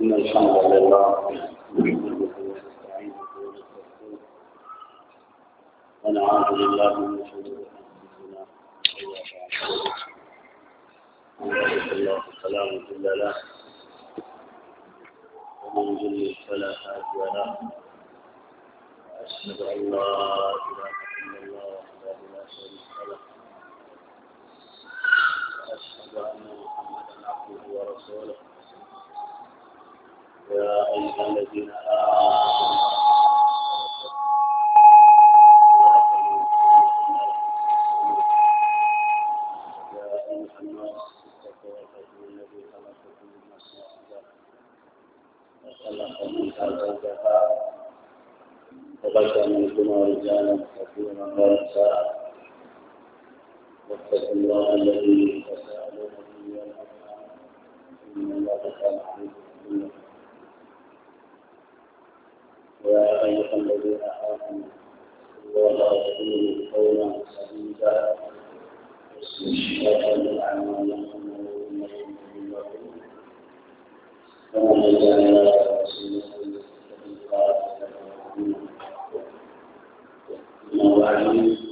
إن الحمد لله ونعوذ بالله من شرور أنفسنا الله فلا مضل له ومن يضلل فلا هادي له وأشهد أن لا إله إلا الله وحده لا شريك له وأشهد أن محمدا عبده ورسوله يا أيها الذين آمنوا وبشر منكما رجالا كثيرا ونساء واتقوا الله الذي تساءلون به والارحام ان الله كان عليكم يا أيها الذين آمنوا ولا تكونوا قولا سديدا يصلح لكم أعمالكم ويغفر لكم ومن يطع الله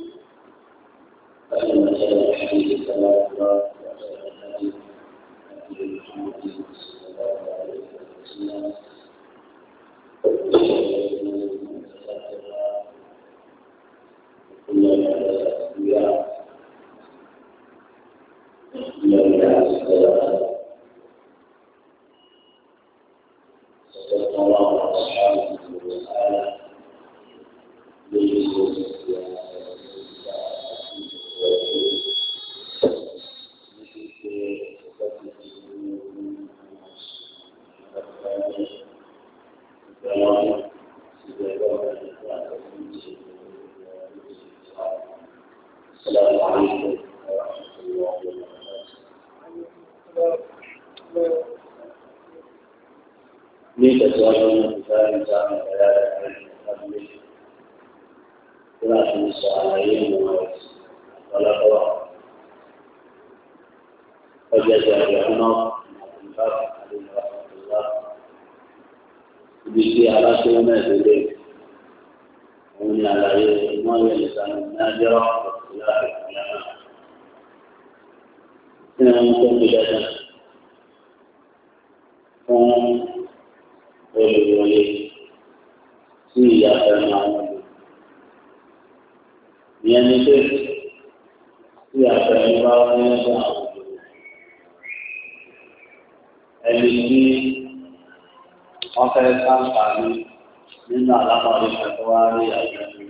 nínú àlámọ̀rí àti wá rí àjọ kí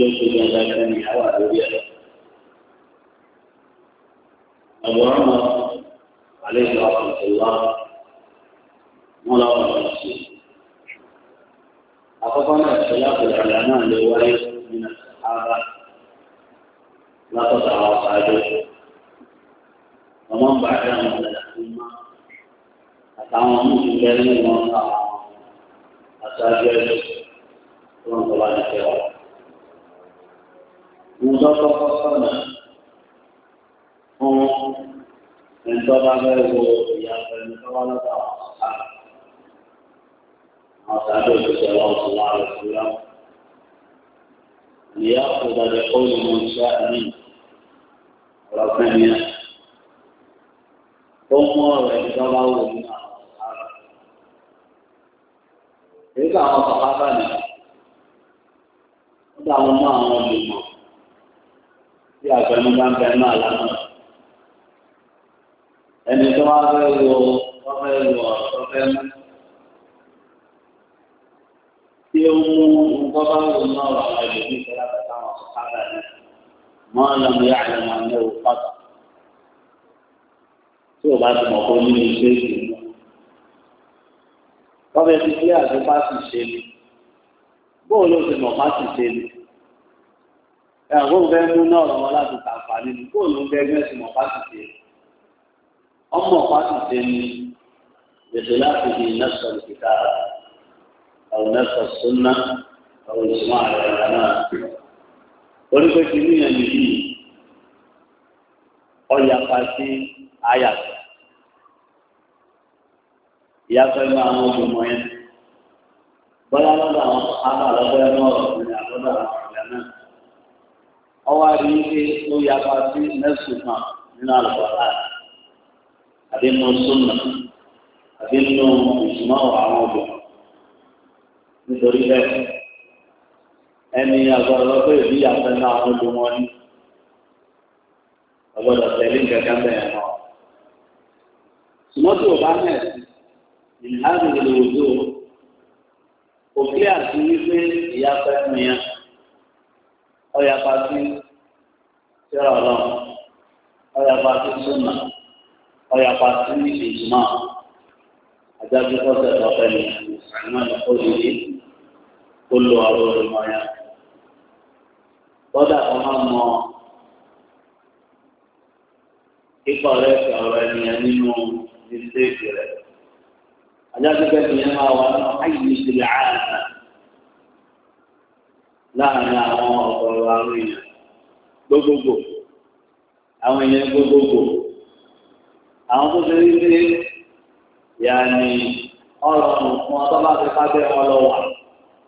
ló ṣe dandan sẹ́ni àwà lórí ẹ̀. àbúrò àlẹ́ ìlú àkùnfọ̀lá wọn làwọn ọ̀rọ̀ sí. àkọ́kọ́ náà ṣe lápẹ̀lẹ̀ àlá náà lè wáyé nínú àbá látọ̀tà àwọn ọ̀sáájú. ọmọ ń bàjẹ́ àwọn ọ̀sẹ̀ àti ọmọ àtàwọn ọmọ ìṣẹ̀lẹ̀ wọn àwọn. àtàjọ ẹni tó ń tọ́lá ní kẹwàá. Mo lọ́kọ́ sọ̀nà fún ẹ̀ńtọ́lá mẹ́wọ́ ìyá ẹni tọ́lá lọ́kọ́ àwọn ọ̀sá. Àwọn ọ̀sá tó ti sọ̀rọ̀ ọ̀sùn wa rẹ̀ sí Ìyá ọ̀dà lè kó ní mo ṣá ọ̀rọ̀ fẹ́mi náà. Ó mú ọ̀rọ̀ ẹ̀ńtọ́lá wò ní àná. nígbà àwọn bàbá bá mi nígbà àwọn ọmọ àwọn olùmọ̀ tí àgbẹ̀mú bá ń bẹ náà lánàá ẹni tó wá fẹ́ wo wọ́n fẹ́ wo ọ̀rọ̀ fẹ́ mú tí ó mú nǹkan bá wò náà wà láyé ní ìṣẹ́lá bàtà wọn bàbá bá mi mọ́ ọlọ́mọ yà á lọ́mọ ní òkú tí ò bá ti mọ̀ kó ní ìṣe tọ́bẹ̀ ti bí àdúgbà sì ṣe ni bóò ló ti mọ̀ má sì ṣe ni ẹ̀rọ fẹ́ mú náà rọ̀ wọn láti tàǹfà nínú bóò ló ń bẹ́ ẹgbẹ́ sì mọ̀ má sì ṣe ni ọmọ má ṣe ni ètò láti di nẹ́sọ̀ ìkìtà àwọn nẹ́sọ̀ súnná àwọn ìṣúná àrẹ ìlà náà orí pé kí ní ẹni yìí pàṣẹ àyàtọ̀ ìyàtọ̀ inú àwọn olùmọ̀ yẹn bọ́lá lọ́dọ̀ àwọn sọ̀hábà lọ́dọ̀ ẹ̀mọ́ ọ̀gbìn àlọ́dọ̀ àwọn ọ̀gbìn náà ọwọ́ àrí pé ó yapa sí nẹ́sùn kan nínú àlùbọ̀lá àbí nínú súnà àbí nínú ìsúná àwọn olùmọ̀ nítorí bẹ́ẹ̀ ẹni àgbọ̀rọ̀ pé ìbí yàtọ̀ inú àwọn olùmọ̀ ni ọgbọ́dọ̀ tẹ̀lé nǹkan kan bẹ́ẹ̀ náà ṣùgbọ́n ìlànà ìlòdò òkè àti wípé ìyapa ẹnìyàn ọyapa sí sẹ́rọ̀ ọlọ́run ọyapa sí súnà ọyapa sí ìjùmọ̀ àjájú kọ́sẹ̀ lọ́pẹ́ ní ìsànmọ́ ìkọ́lùyé tó lo ọ̀rọ̀ ìmọ̀ yẹn. Bọ́dà kan máa mọ ipa rẹ̀ sọ̀rọ̀ ẹnìyàn nínú ìdílé rẹ̀ ajáfẹ́fẹ́ fi yẹn máa wà nínú ayé ìṣẹ̀lẹ̀ ààrẹ láàrin àwọn ọ̀gọ̀rọ̀ àwọn èèyàn gbogbogbò àwọn èèyàn gbogbogbò àwọn tó ṣe rí pé yàní ọlọ́run fún ọtọ́ bá fi kábẹ́ ọlọ́wà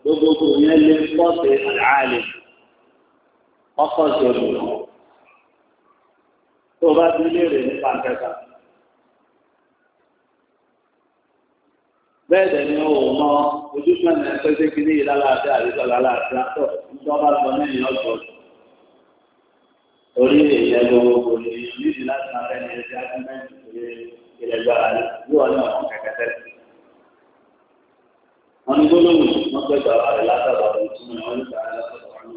gbogbogbò yẹn lè pọ́ọ̀sì àlàálẹ̀ ọkọ̀ ṣòro tó bá ti léèrè nípa kẹta. bẹ́ẹ̀ dẹ̀ ni o mọ ojúṣe ẹ̀nà ẹgbẹ́sẹ̀ kí ní ìlà láàbẹ̀ àríkọ̀ láàbẹ̀ àtọ̀ nígbà bá sọ ní ìyàn ọ̀tọ̀. orí èyẹ gbogbo ní níbi láti máa rẹ̀ ní ẹgbẹ́ ágbẹ́mẹ́ntì pé ilẹ̀ gbára ní yóò ní ọ̀kan kẹ̀kẹ́ tẹ́lẹ̀. wọ́n ní gbólóhùn wọ́n pẹ́ gbàgbà rẹ̀ látàbà ìtumọ̀ wọn nígbà látàbà wọn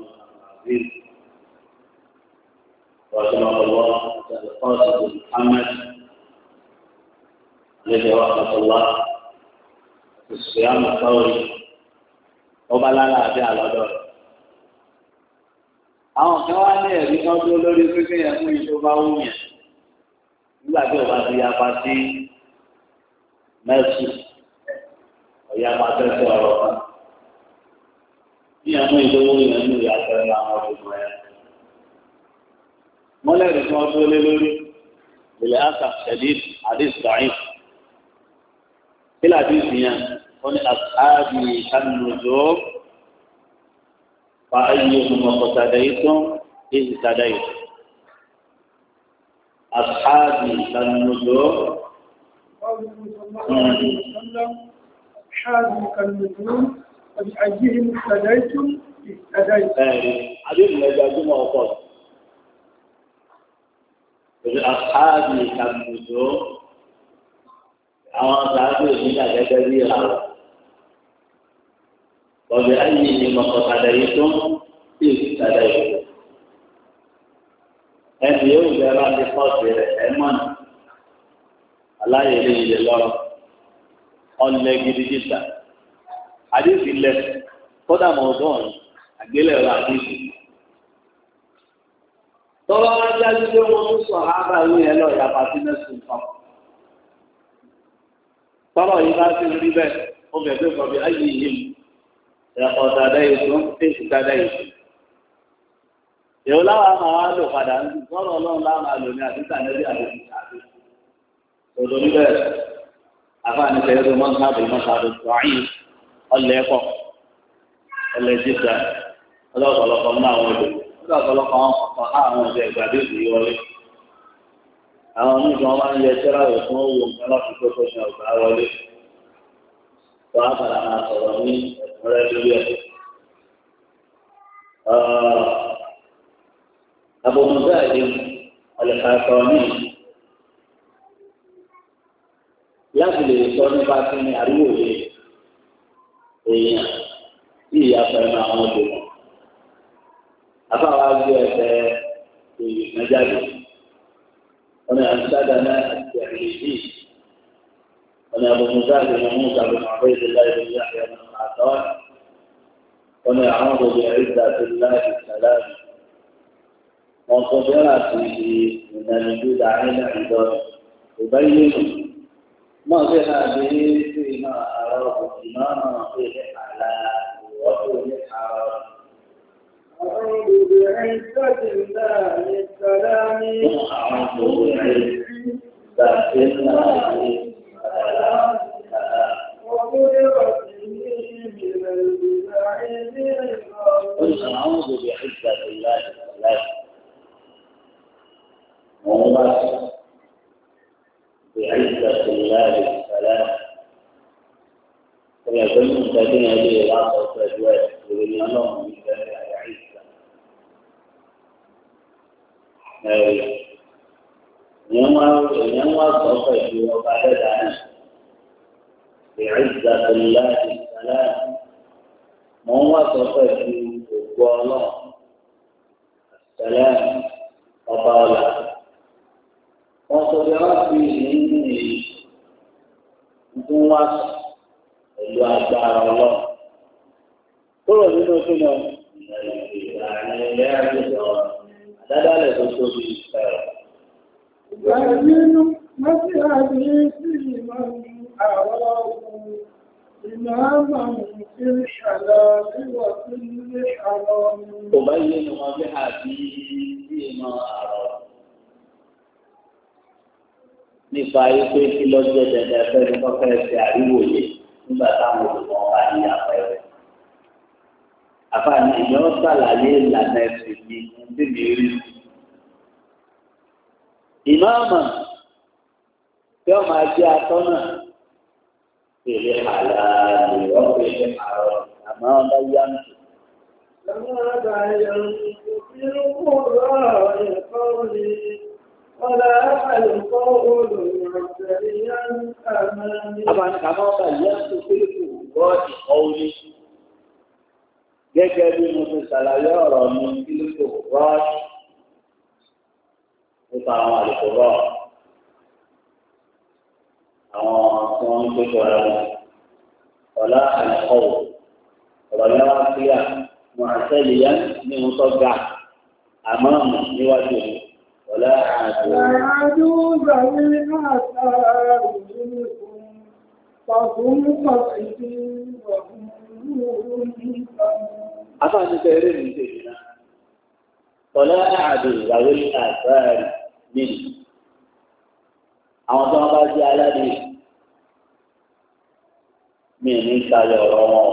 ní ọ̀nà الصيام الفوري ọba lára àti àlọ́dọ̀ rẹ̀. àwọn kan wá ní ẹ̀rí kan tó lórí pínpín yẹn fún ìṣó bá wù yẹn nígbà tí ọba ti yapa sí mẹ́sì ọ̀yapa tẹ́tẹ́ ọ̀rọ̀ kan yíyan mú ìdówó yẹn ní ìyàtọ̀ ní àwọn ọ̀dùnkùn ẹ̀. mọ́lẹ́rì kan tó lé lórí ilẹ̀ àṣà ṣẹ̀dí àdìsí dàáyìn kí làdí ìsìn yẹn ó ní àbí kánúdó fa ayé ọmọkọ tàdá yìí tán èyí tàdá yìí àbí kánúdó. أصحابي كالنجوم وبأيهم اهتديتم اهتديتم. عجيب ما يجازون وقال أصحابي كالنجوم àwọn sàádùn ìdílé àgẹ́gẹ́ bí ìràwọ̀ وبأي مقد هديتم تلك هديتم ẹni yóò bẹ̀rẹ̀ láti pọ́ọ̀sì rẹ̀ ẹ̀mọ́nì aláyẹ̀lẹ̀ ilẹ̀ lọ́rọ̀ ọ̀lẹ̀ gidi jìtà àdéhùn ilẹ̀ kódà mọ̀ ọ̀dọ́ ọ̀run àgbélẹ̀rọ àdéhùn. tọ́lá wá dájú pé wọ́n ń sọ ábà ìwé yẹn lọ yàtọ̀ sí mẹ́sùn yìí bá ẹ̀kọ́tàdá ìsún tẹ̀sítàdá ìsún. Èwo láwa máa wá lò padà ń dùn sọ́rọ̀ ọlọ́run láwa máa lò ní àdúgbà lórí àdúgbò tàbí. Òdò níbẹ̀ àfáàní tẹ̀yẹ́ tó mọ́ sáàbì mọ́ sáàbì sọ̀rìn ọlẹ́ ẹ̀kọ́ ọlẹ́ jíjà ọlọ́pọ̀lọpọ̀ mọ́ àwọn odò ọlọ́pọ̀lọpọ̀ àwọn wọlé. Àwọn máa ń wàá bàrà máa sọ̀rọ̀ ní ẹ̀kúnrẹ́ lórí ẹ̀. àbòmọ̀gbẹ́ àdé ọ̀lẹ́kàtọ̀ ní láti lè sọ nípa kí ni àríwò yìí. مجاهد بن موسى بن عبيد الله بن يحيى بن عطاء ومن يعوض بعزة الله السلام وقدرته من البدع العباد يبين مظهر به فيما أراه إماما فيه على وفيه حرام أعوذ بعزة الله السلام أعوذ بعزة الله قل أعوذ بعزة الله السلام ومضى بعزة الله السلام ويكون مستدين به العصر فجوات وبالله من جميع عزة يوم يوم وصف الجوع بعد بعزة الله السلام موافقة الله السلام فطال وصدرات مني قوة الأكبر الله kúrò لا kíni àdáda lè tó tóbi لا rẹ̀. ìgbà yìí ló máa لا fi àdéhùn sí ìmọ̀ mi. أراهم إماما في الحلال وفي الحرام أبين وبحديث ما أراه nípa ayépe kí lọ́jọ́ dẹ̀dẹ̀ fẹ́ẹ́ ní kọ́kẹ́ ṣe àríwò yẹ nígbà táwọn olùkọ́ bá ní àpẹẹrẹ. àfààní ìyọ́ sàlàyé ìlànà ẹ̀sìn mi ní mi rí. ìmáàmù tí ó máa jẹ́ atọ́nà بالحلال وبالحرام أما بينت كما بينت في القرآن قولي ولا القول معتريا أمامي طبعا كما بينت في القرآن قولي gẹ́gẹ́ bí mo ti ṣàlàyé ọ̀rọ̀ mi kí ló kò rọ́ọ̀ṣì nípa àwọn àlùkò rọ́ọ̀ṣì àwọn tí wọ́n ń péjọ ara wọn ọ̀la àlùkọ́wò ọ̀rọ̀ yàrá síra mọ̀ọ́sẹ́lì yá ní wọn tó ga àmọ́ níwájú mi ọ̀la àdó. àdúgbò yìí náà sára òun nìkan pàfún pàfìdí ọ̀hún nìkan. afáàní tẹ eré mi tèmi náà ọ̀la àdó ìyàwó àgbáàrí mi nìyí àwọn tó wọn bá jẹ aládé mi ní ìsàlẹ̀ ọ̀rọ̀ wọn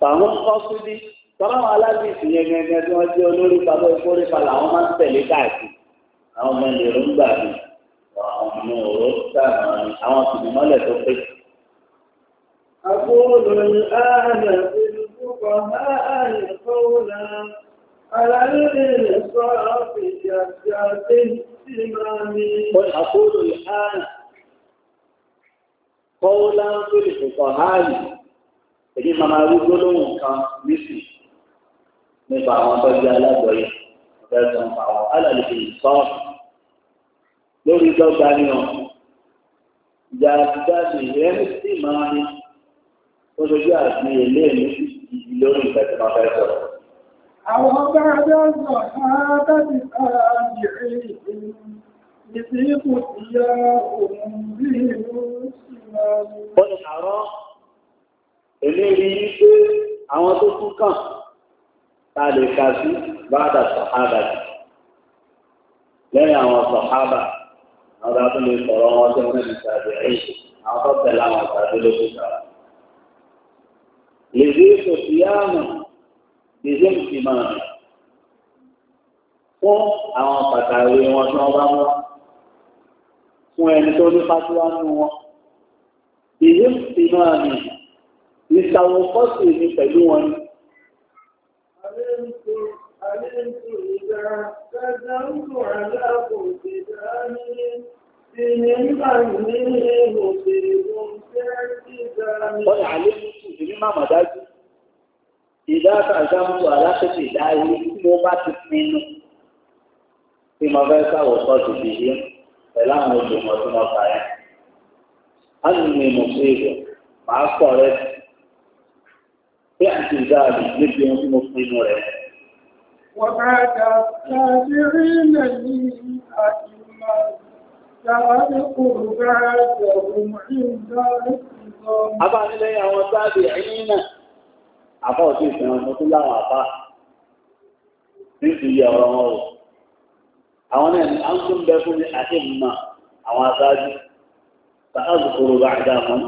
tàwọn kọsídì tọ́láwọn aládé ìyẹn gẹ́gẹ́ tí wọ́n jẹ́ olórí pàtó ìkórìípa làwọn máa ń tẹ̀lé káàkiri àwọn ọmọ ìlú ń gbà mí àwọn ọmọ òró sáà àwọn tìmọ́lẹ̀ tó pé. أقول الآن في الفقهاء قولا أقول الآن قولا في الفقهاء èyí máa máa rúgbó lóhùn kan nísì nípa àwọn tọ́jú alágbọ̀yé ọ̀fẹ́sàn àwọn alàlùfẹ́ ìsọ́ọ̀ lórí dọ́gba ni ọ̀ jàdùjáde rẹ̀ sì máa ní oṣooṣù àti èlé mi lórí ìfẹ́sẹ̀ máa fẹ́ أو بعد الصحابة تابعين يثيق إياهم بهم السمام eléyìí pé àwọn tó tún kàn ta lè ka sí báadà sọ̀hábà jù lẹ́yìn àwọn sọ̀hábà àwọn tó lè sọ̀rọ̀ wọn tó ń rìn ẹ̀yìn àwọn tó tẹ̀lé àwọn tàbí lókùnkà lè rí sòfìyàmù lèyẹ ìsì máa rìn fún àwọn pàtàkì wọn tí wọn bá mú fún ẹni tó ní fásitì nù wọn lèyẹ ìsì máa rìn ìsàwọ̀ fọ́sì ní pẹ̀lú wọn ni. علمت إذا كذبت ní mímọ̀ àmọ̀dájú. إذا تعزمت على شفي الله موقع منه فيما بيسا وصلت به فلا نجم وتنطع أني مصيب مع الصلاة في اعتزالي نجم وتنطع له وما تستطيعين لي أئمة كأن قرباتهم عند الإنسان أبا إلي أو تابعين àbá òsì ìsìnkú mo tún láwọn àbá níbi ọ̀rọ̀ wọn o àwọn náà ni à ń tún bẹ fún mi àti mọ̀ àwọn aṣáájú sàá zùkúrò bá àdá mọ́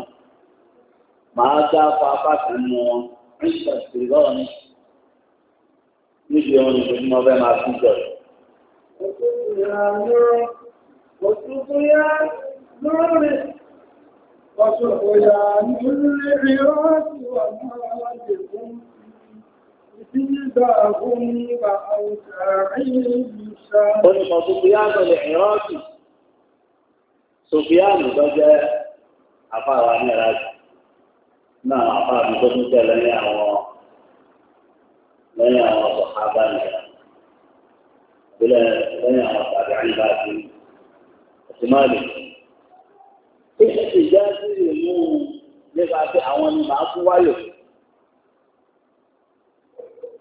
màá dá fa apá kan mọ́ wọn ní ìṣàkóso lọ́wọ́ mi níbi ohun ìgbésí mo fẹ́ máa tún jọ. Òtútù yá lórí ọ̀ṣọ̀kọ̀ yá nílé ìrọ́sì wà náà láti Ó ní mọ̀ Sùfíánù lè ìrántí. Sùfíánù tó jẹ́ àfáàwà ní ìrántí. Náà àfáàwà tó tún jẹ́ lẹ́yìn àwọn lẹ́yìn àwọn sọ̀hábà nìyà. Bílẹ̀ lẹ́yìn àwọn tàbí àyíká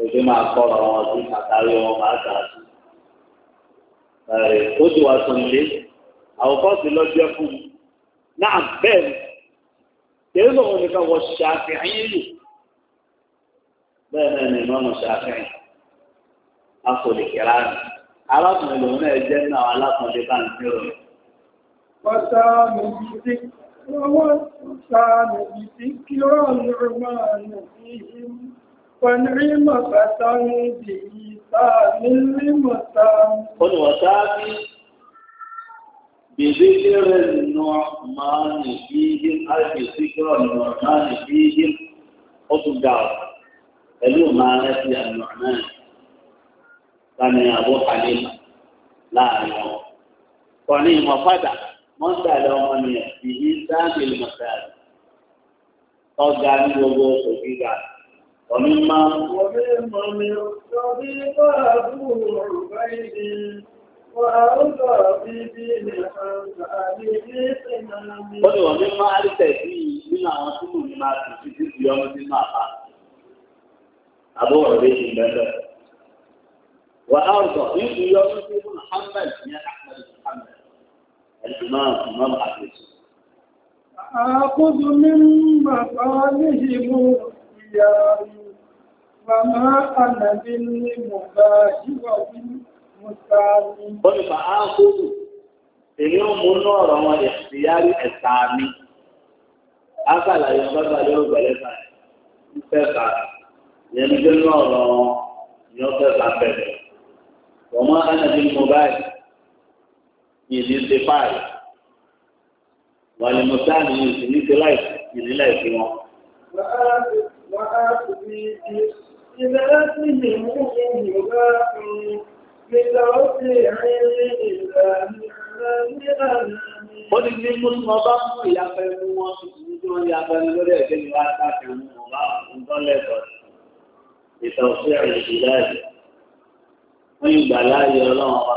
ojú máa kọ́ ọ̀rọ̀ wọn sí àtàrí wọn máa gbà sí. ó ti wá sùn lé àwòkọ́ sí lọ́jọ́ fún mi náà bẹ́ẹ̀ ni kéré lòun nìkan wọ ṣàfihàn yìí lò bẹ́ẹ̀ náà ni ìmọ̀ọ́mọ̀ ṣàfihàn a kò lè kíra rẹ̀ arákùnrin lòun náà jẹ́ náà alákùnrin bá ń tí rẹ̀. wọ́n sá mi sí wọ́n sá mi sí kí ló rọ̀ ní ọmọ àná ونعم فتن بإيثام المتام قل وتابي بذكر النعمان فيهم ألف ذكر النعمان فيهم قطب دعوة pẹ̀lú máa lẹ́sí àlùmọ́ náà sani àbó halima láàrin wọn. kọ́ni ìmọ̀ padà mọ́tàlẹ́ ọmọ nìyẹn ìdí sáàbìlì mọ́tàlẹ́ ọ̀gá ní gbogbo oṣù gíga ومما ومما من طبيباته عبيد وأرضى في دين الحمد أبي Wọ́n ni wọ̀n ní máa rí tẹ̀sí nínú àwọn tí mò ń máa ti fi sí ìdí ọmọ sínú àpá. Àbúrò rẹ̀ ṣì ń bẹ́ẹ̀ á rọ̀ ní ìdí ọmọ sí ìdí Muhammad ní Ahmed Muhammad. Ẹ̀sùn Fàmá ànàbí ní mọ̀bá ìwọ̀ bí mùsàámi. Ó ní bà á kúrò, èyí ó mú ní ọ̀rọ̀ wọn ìyárí ẹ̀ta mi. Á sàlàyé bàbá yóò gbẹ̀lẹ́ bá ìfẹ́ bá yẹn ní gbé ní ọ̀rọ̀ wọn ni ó fẹ́ بآتهم مباح بالعسر ní ní mú ìyàfẹ́ mú wọn tuntun tí wọ́n yàfẹ́ lórí ẹ̀gbẹ́ ní wá sáfẹ́ mú wọn bá ń tọ́lẹ̀tọ̀ ìtọ̀sí Wọ́n yìí gbà láàyè ọlọ́run wa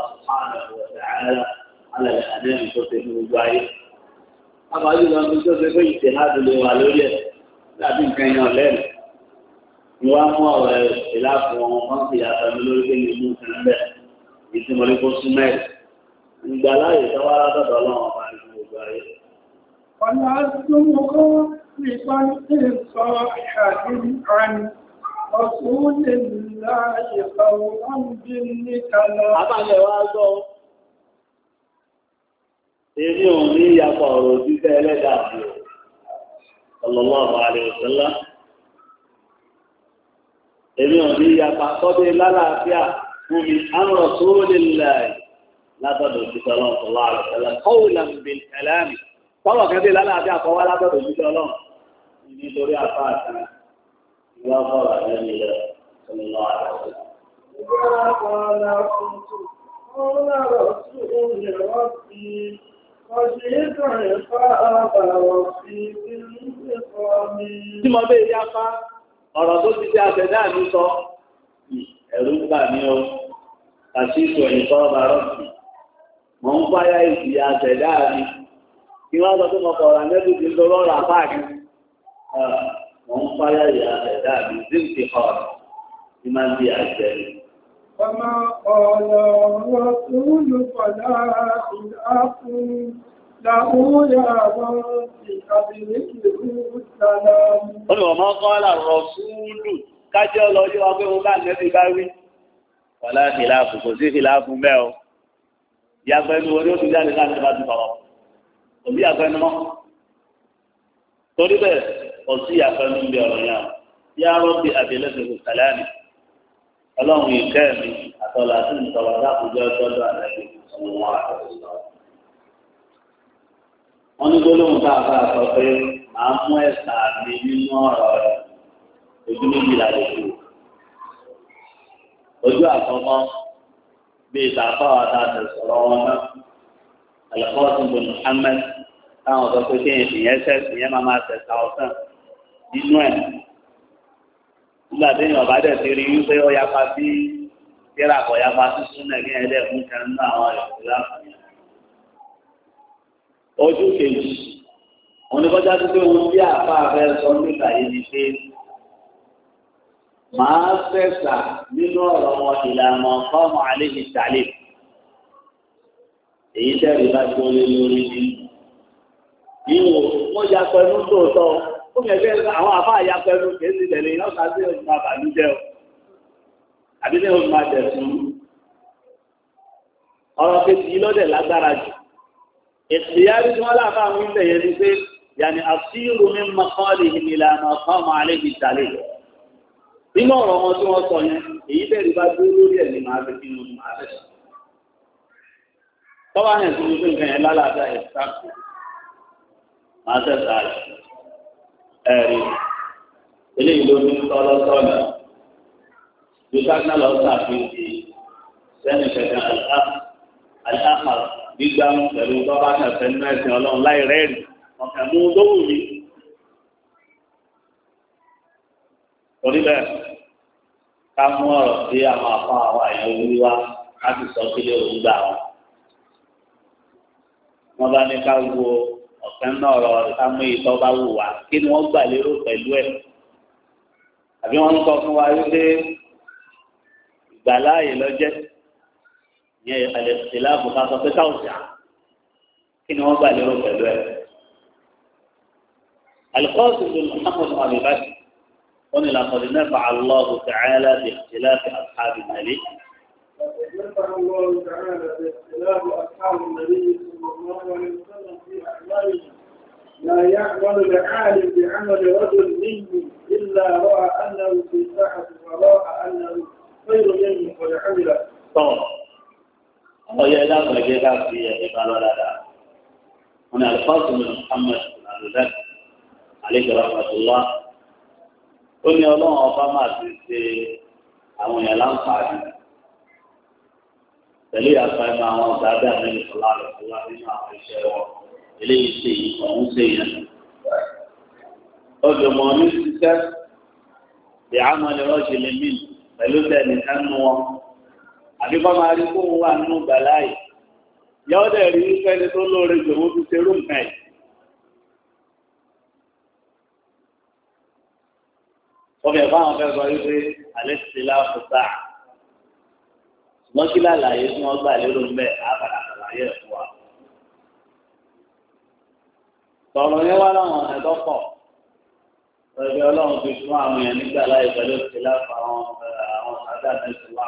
tó ti ní gbogbo ayé. Àbájú ìwà mú ọ̀rọ̀ ìlà fún ọmọ kan sì yàtọ̀ mi lórí pé nínú kan bẹ́ẹ̀ ìtumọ̀ ní kó súnmọ́ ẹ̀. ìgbà láàyè tó látọ̀dọ̀ ọlọ́run ọba ní gbogbo ayé. ọ̀nà àdúgbò nípa ní sọ àdúgbò àní ọ̀sùn lè nílá ìfọwọ́ ọ̀nbí ní kalọ́. abájọ wa gbọ́ èmi ò ní ìyàpọ̀ ọ̀rọ̀ òjúfẹ́ ẹlẹ́dàá mi ò ọlọ́lọ́ èmi ò ní yapa lálàáfíà fún mi àmọ̀ sóòlì látọ̀dọ̀ òṣìṣẹ́ ọlọ́run tó wà lọ́sẹ̀lẹ̀ kọ́wé làǹbì ẹlẹ́mì tọ́wọ̀ Tí mo ọ̀rọ̀ tó ti ṣe àtẹ̀dá mi sọ ẹ̀rù ń bà mí o àti ìtò ẹ̀yìnkọ́ ọba rọ́ọ̀tì mò ń fáyà ìdí àtẹ̀dá mi kí wọ́n sọ pé mo kọ̀ ọ̀rọ̀ ti ń lọ lọ́rọ̀ apáàkì mò ń fáyà ìdí àtẹ̀dá mi sí ti kọ̀ ọ̀rọ̀ máa ń di àjẹ́ mi. ọmọ ọ̀rọ̀ ọ̀rọ̀ Olùwọ̀mọ́ kọ́lá rọ̀súúlù kájẹ́ ọlọ́jọ́ ọgbẹ́ mú bá nẹ́bí bá wí. Wọ́lá ìlàfù kò sí ìlàfù mẹ́ o. Yàgbẹ́nu orí ó ti jáde láti bá ti sọ̀rọ̀. Òbí yàgbẹ́nu mọ́. Torí bẹ́ẹ̀, kò sí yàgbẹ́nu bí ọ̀rọ̀ yẹn. Yá rọ́bì àbẹ̀lẹ́sẹ̀ kò kàlẹ́ àná. Ọlọ́run ìkẹ́ mi àtọ̀là sí ìtọ̀lá lákòójọ́ ọjọ́ wọ́n ní gbólóhùn tá a bá a sọ pé màá mú ẹ̀sà mi nínú ọ̀rọ̀ rẹ̀ ojú méjì la lè kú. ojú àkọ́kọ́ bíi tààfà wa ta ti sọ̀rọ̀ wọn náà alẹ́kọ́sùn bò Muhammad táwọn sọ pé kéèyàn ìyẹn sẹ́sìn yẹn máa máa tẹ̀sà ọ̀sán nínú ẹ̀. nígbà téèyàn ọ̀bá dẹ̀ ti rí wípé ó yapa bí yẹ́rà kọ̀ yapa tuntun náà kéèyàn dẹ̀ mú kẹrin náà àwọn ìlú láàfin yẹn ọdún kejì wọn ni kọjá tó pé wọn bí àfa rẹ sọ nígbà yìí ni pé màá fẹsà nínú ọ̀rọ̀ wọn ìlànà ọmọ alẹ́ ìtàlẹ́ èyí tẹ̀lé bá tó lé lórí ni ìwò wọn ya pẹ̀lú tòótọ́ ó mẹgbẹ àwọn àfa ya pẹ̀lú kéésì tẹ́lẹ̀ iná ká sí máa bàlújẹ́ o àbí ní oṣù máa tẹsùn ọ̀rọ̀ kejì lọdẹ lágbára jù ìsìyárí tí wọ́n láàbá àwọn ilẹ̀ yẹn ni pé yàní àṣírò mi máa kọ́ lè ní ìlànà ọ̀pọ̀ọmọ alẹ́ fi tàlẹ̀ nínú ọ̀rọ̀ wọn tí wọ́n sọ yẹn èyí bẹ̀rù bá dúró lórí ẹ̀ ní màá fi kí ni màá fẹ́ tọ́wọ́ àyàn tí mo fi nǹkan yẹn lálàáfíà ẹ̀ sáàkù màá fẹ́ sàárẹ̀ ẹ̀rí eléyìí ló ní tọ́lọ́tọ́lọ́ bí kákínà lọ́sàáfíì sẹ́nìkẹ̀kẹ́ àlá gbígbà pẹ̀lú bábá kẹfẹ́ nínú ẹ̀sìn ọlọ́run láì rẹ́ẹ̀rì ọ̀kẹ́ mú lówù mi. torí bẹ́ẹ̀ ká mú ọ̀rọ̀ sí àwọn afọ àwọn àyàn orí wa láti sọ kí lè òun gbà wọn. wọ́n bá ní ká wo ọ̀kẹ́ náà rọ ká mú ìtọ́ bá wù wá kí ni wọ́n gbà lérò pẹ̀lú ẹ̀. àbí wọ́n ń kọ fún wa wípé ìgbàláàyè lọ́jẹ́. ìyẹn al-ikhtilafu ká sọ pé pẹ̀lú kí ni won tó gbà lérò pẹ̀lú ẹ̀. al-Qasim bin Muhammad Abi Bakr wọn ni laqad nafa'a Allahu ta'ala bi ikhtilafi ashabi nàlẹ́. nabi ọyọ ẹ̀dá pẹ̀lú ká fi ẹ̀mí bá lọ dáadáa. wọn ni alifásitì mi Muhammad aludad aleyhi rahmatulah ó ní ọlọ́run ọba máa ti ṣe àwọn èèyàn láǹfààní pẹ̀lú ìyàtọ̀ ẹ̀ma àwọn ọ̀gá bí àmì ìfọlá rẹ̀ fúlá nínú àwọn iṣẹ́ wọn eléyìí ṣe yìí ọ̀hún ṣe yẹn. ọ̀dùnmọ̀ ní ṣiṣẹ́ ìhàmọ́ ni wọ́n ṣe lè mí pẹ̀lú bẹ́ẹ̀ nù wọn àbí kọ́ máa rí fóun wà nínú gbàlá yìí yọ́ dẹ̀ rí fẹ́ni tó lóore jòwó fi ṣerú nǹkan yìí. wọ́n fẹ́ fáwọn fẹ́ sọ wípé alẹ́ ti la fòtá ṣùgbọ́n kí lálàyé tí wọ́n gbà lérò mbẹ́ àbàlà àlàyé ẹ̀ fún wa. sọ̀rọ̀ yẹn wá láwọn ọ̀nà tó pọ̀ ẹgbẹ́ ọlọ́run fi fún àwọn èèyàn nígbà láì pẹ̀lú ìṣẹ̀lẹ̀ àwọn àwọn àdáàbẹ̀sẹ̀ wà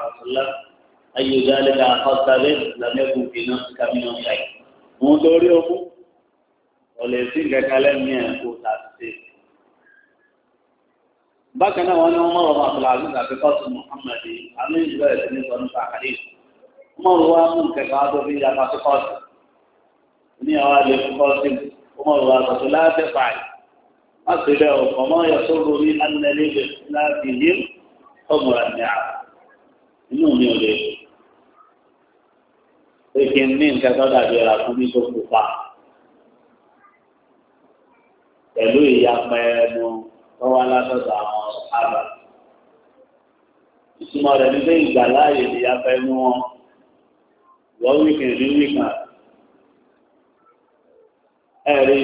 ayé ìdálẹ́gà àkọsílẹ̀ làmẹ́kù iná kàmínà ṣáì. Òun tó rí ogún, ọ̀lẹ̀ sí kẹ̀kẹ́ lẹ́nu ẹ̀ kó tàbí ṣe. Bákan náà wọ́n ní wọ́n mọ̀rọ̀ ọmọ àtàlà àti àti kọ́sùn Mùhàmmadi, àmì ìjìbá ẹ̀sìn ní sọ́nù Sàkàdé. Mọ̀rọ̀ wá mú kẹ̀kẹ́ wá tó fi yàtọ̀ àti kọ́sùn. Ní àwọn àlè fún kọ́sùn, ó mọ̀rọ̀ wá tọ̀tọ̀ láti fàì. Má sì bẹ̀ ọ̀pọ̀ mọ́ yọ̀tọ̀ lórí anilẹ́lẹ́gbẹ̀ láti yé ọmọ àmì àrà. Inú mi ò lè kú pé kí n ní nǹkan tó dàbí ra fún mi tó pupa pẹ̀lú ìyapa ẹnu tó wá látọ̀dọ̀ àwọn àgbà. ìtumọ̀ rẹ̀ ní pé ìgbà láàyè ni ìyapa ẹnu wọn wọ́n wíkìn ní wíkìn ẹ̀rí.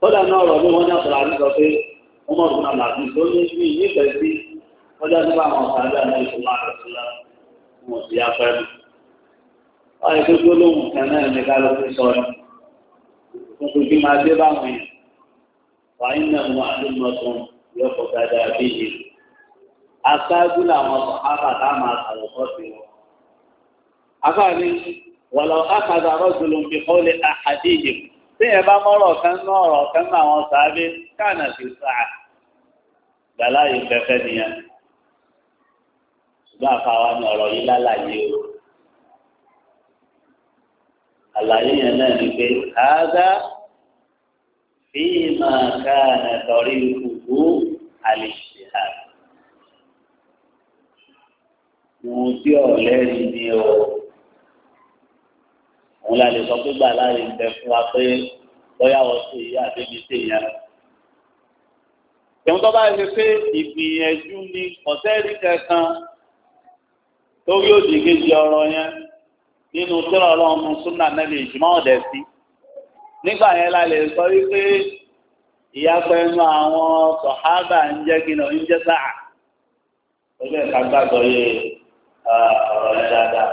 kódà náà rọ̀ bí wọ́n ní àpòlá nígbà pé wọ́n mọ̀ ọ̀dùnmọ̀ làbí tó ní bí nífẹ̀ẹ́ sí wọ́n nípa àwọn ọ̀sán náà ìṣòwò àrẹ̀sílá wọn sì yá pẹ́ẹ́lú ọ̀rẹ́ tó gbólóhùn kan náà ní kálukú sọ ni mo kò fi máa dé báwọn yẹn wàá iná mu àdúmọ̀tún yóò kọ̀ dáadáa bí yìí aṣáájú làwọn sọ̀hábà tá a máa sàrò kọ́ sí wọn. afáàní wọ̀lọ̀ àkàdà rọ́jòló ń fi kọ́lé àhàdíyè tí ẹ bá mọ́rọ̀ kan náà ọ̀rọ̀ kan náà àwọn sàábé káànà sí sáà gbàláyé fẹ́fẹ́ nìyẹn ṣùgbọ́n àfàwọn ọ̀rọ̀ yìí lálàyé o àlàyé yẹn náà ni pé àádá fi máa ká àtọ̀rí gbogbo àlèṣìṣà. Mo tí ọ̀lẹ́ rí ni o. Òun la lè sọ pé gbà láàyè ń bẹ fún wa pé bóyá wọ́n ṣe ìyá àbẹ́bí ṣe ìyá. Ìwọ́n tó bá ṣe pé ìgbìyànjú ni ọ̀sẹ́ rí kankan tó yóò dìgé di ọ̀rọ̀ yẹn. nínú tírà ọlọ́run mu súnà nẹ́bí ìjùmọ̀ ọ̀dẹ̀ sí nígbà yẹn la lè sọ wípé ìyàpẹ́ inú àwọn sọ̀hábà ń jẹ́ kí ni ń jẹ́ sáà ọjọ́ ìka gbàgbọ́ yé ọ̀rọ̀ yẹn dáadáa.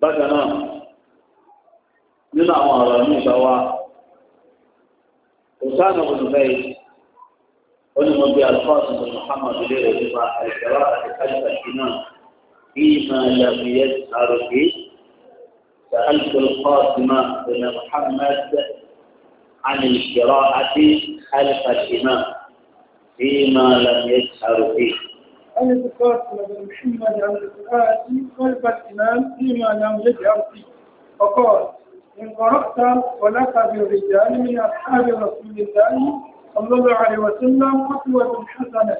bákan náà nínú àwọn ọ̀rọ̀ yìí wá olùfẹ́ yìí ó ní mo bí muhammadu nípa فيما لم يجهر به سألت القاسم بن محمد عن القراءة خلف الإمام فيما لم يجهر به سألت القاسم بن محمد عن القراءة خلف الإمام فيما لم يجهر به فقال إن قرأت ولك بالرجال من أصحاب رسول الله صلى الله عليه وسلم فتوة حسنة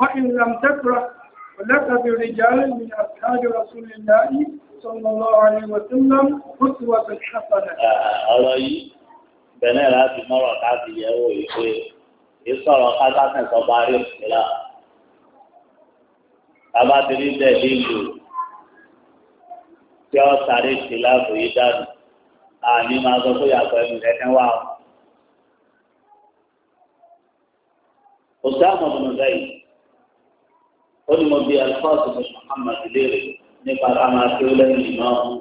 وإن لم تقرأ ولك برجال من أصحاب رسول الله صلى الله عليه وسلم قدوة الحسنة. أرأي بنا لا تمر قاعد يهوي يصار قاعد صباري لا أبا تريد دليل tí ọ sáré sí láàbò yìí dànù àní máa sọ pé yàtọ̀ ẹnu wà ó. Òsè àmọ̀ ọ̀nà bẹ́ẹ̀ ó ní mo bí alikọ́ọ̀tù ní Muhammad léèrè nípa káma tí ó lẹ́yìn ìmọ̀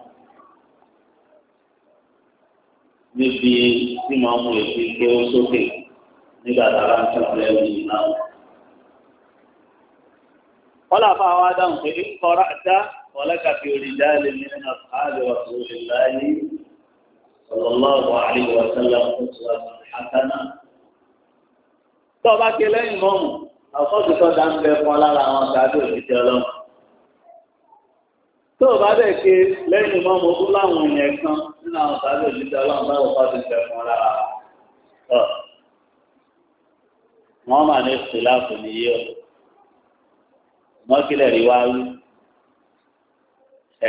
níbi tí màá mú èsì ké ó sókè nígbà tá a bá ń tẹ̀wọ́ lẹ́yìn ìmọ̀. wọ́n lọ fún àwọn adáhùn pé kọ́ra dá ọ̀lẹ́ka fi òrìjà lè ní ẹ̀nà ààrẹ ọ̀sùn ìlàyé sallallahu alaihi wa sallam ọ̀sùn àtàná. tọ́ba ké mọ́mù àkọ́jú tó dá ń bẹ fún ọ lára àwọn àgbàdo òṣìṣẹ́ ọlọ́run. tó o bá bẹ̀ ṣe lẹ́yìn mọ́ mo fún láwọn èèyàn kan nínú àwọn àgbàdo òṣìṣẹ́ ọlọ́run báwo bá ti bẹ fún ọ lára ọ̀ wọ́n mà ní ìsìláàfù nìyí o wọ́n kílẹ̀ rí wá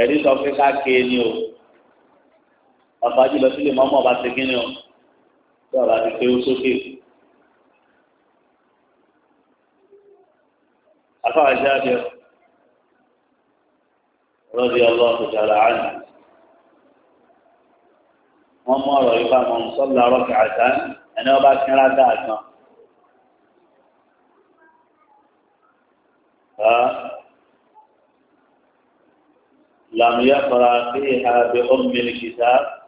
ẹ̀rí sọ pé ká ké ni o ọ̀fàjì lọ sílé mọ́mọ́ ọba ti kí ni o tí ọba ti pé sókè. أفعى جابر رضي الله تعالى عنه وما رأيك من صلى ركعتان أنا بعد كنا ركعتان لم يقرأ فيها بأم الكتاب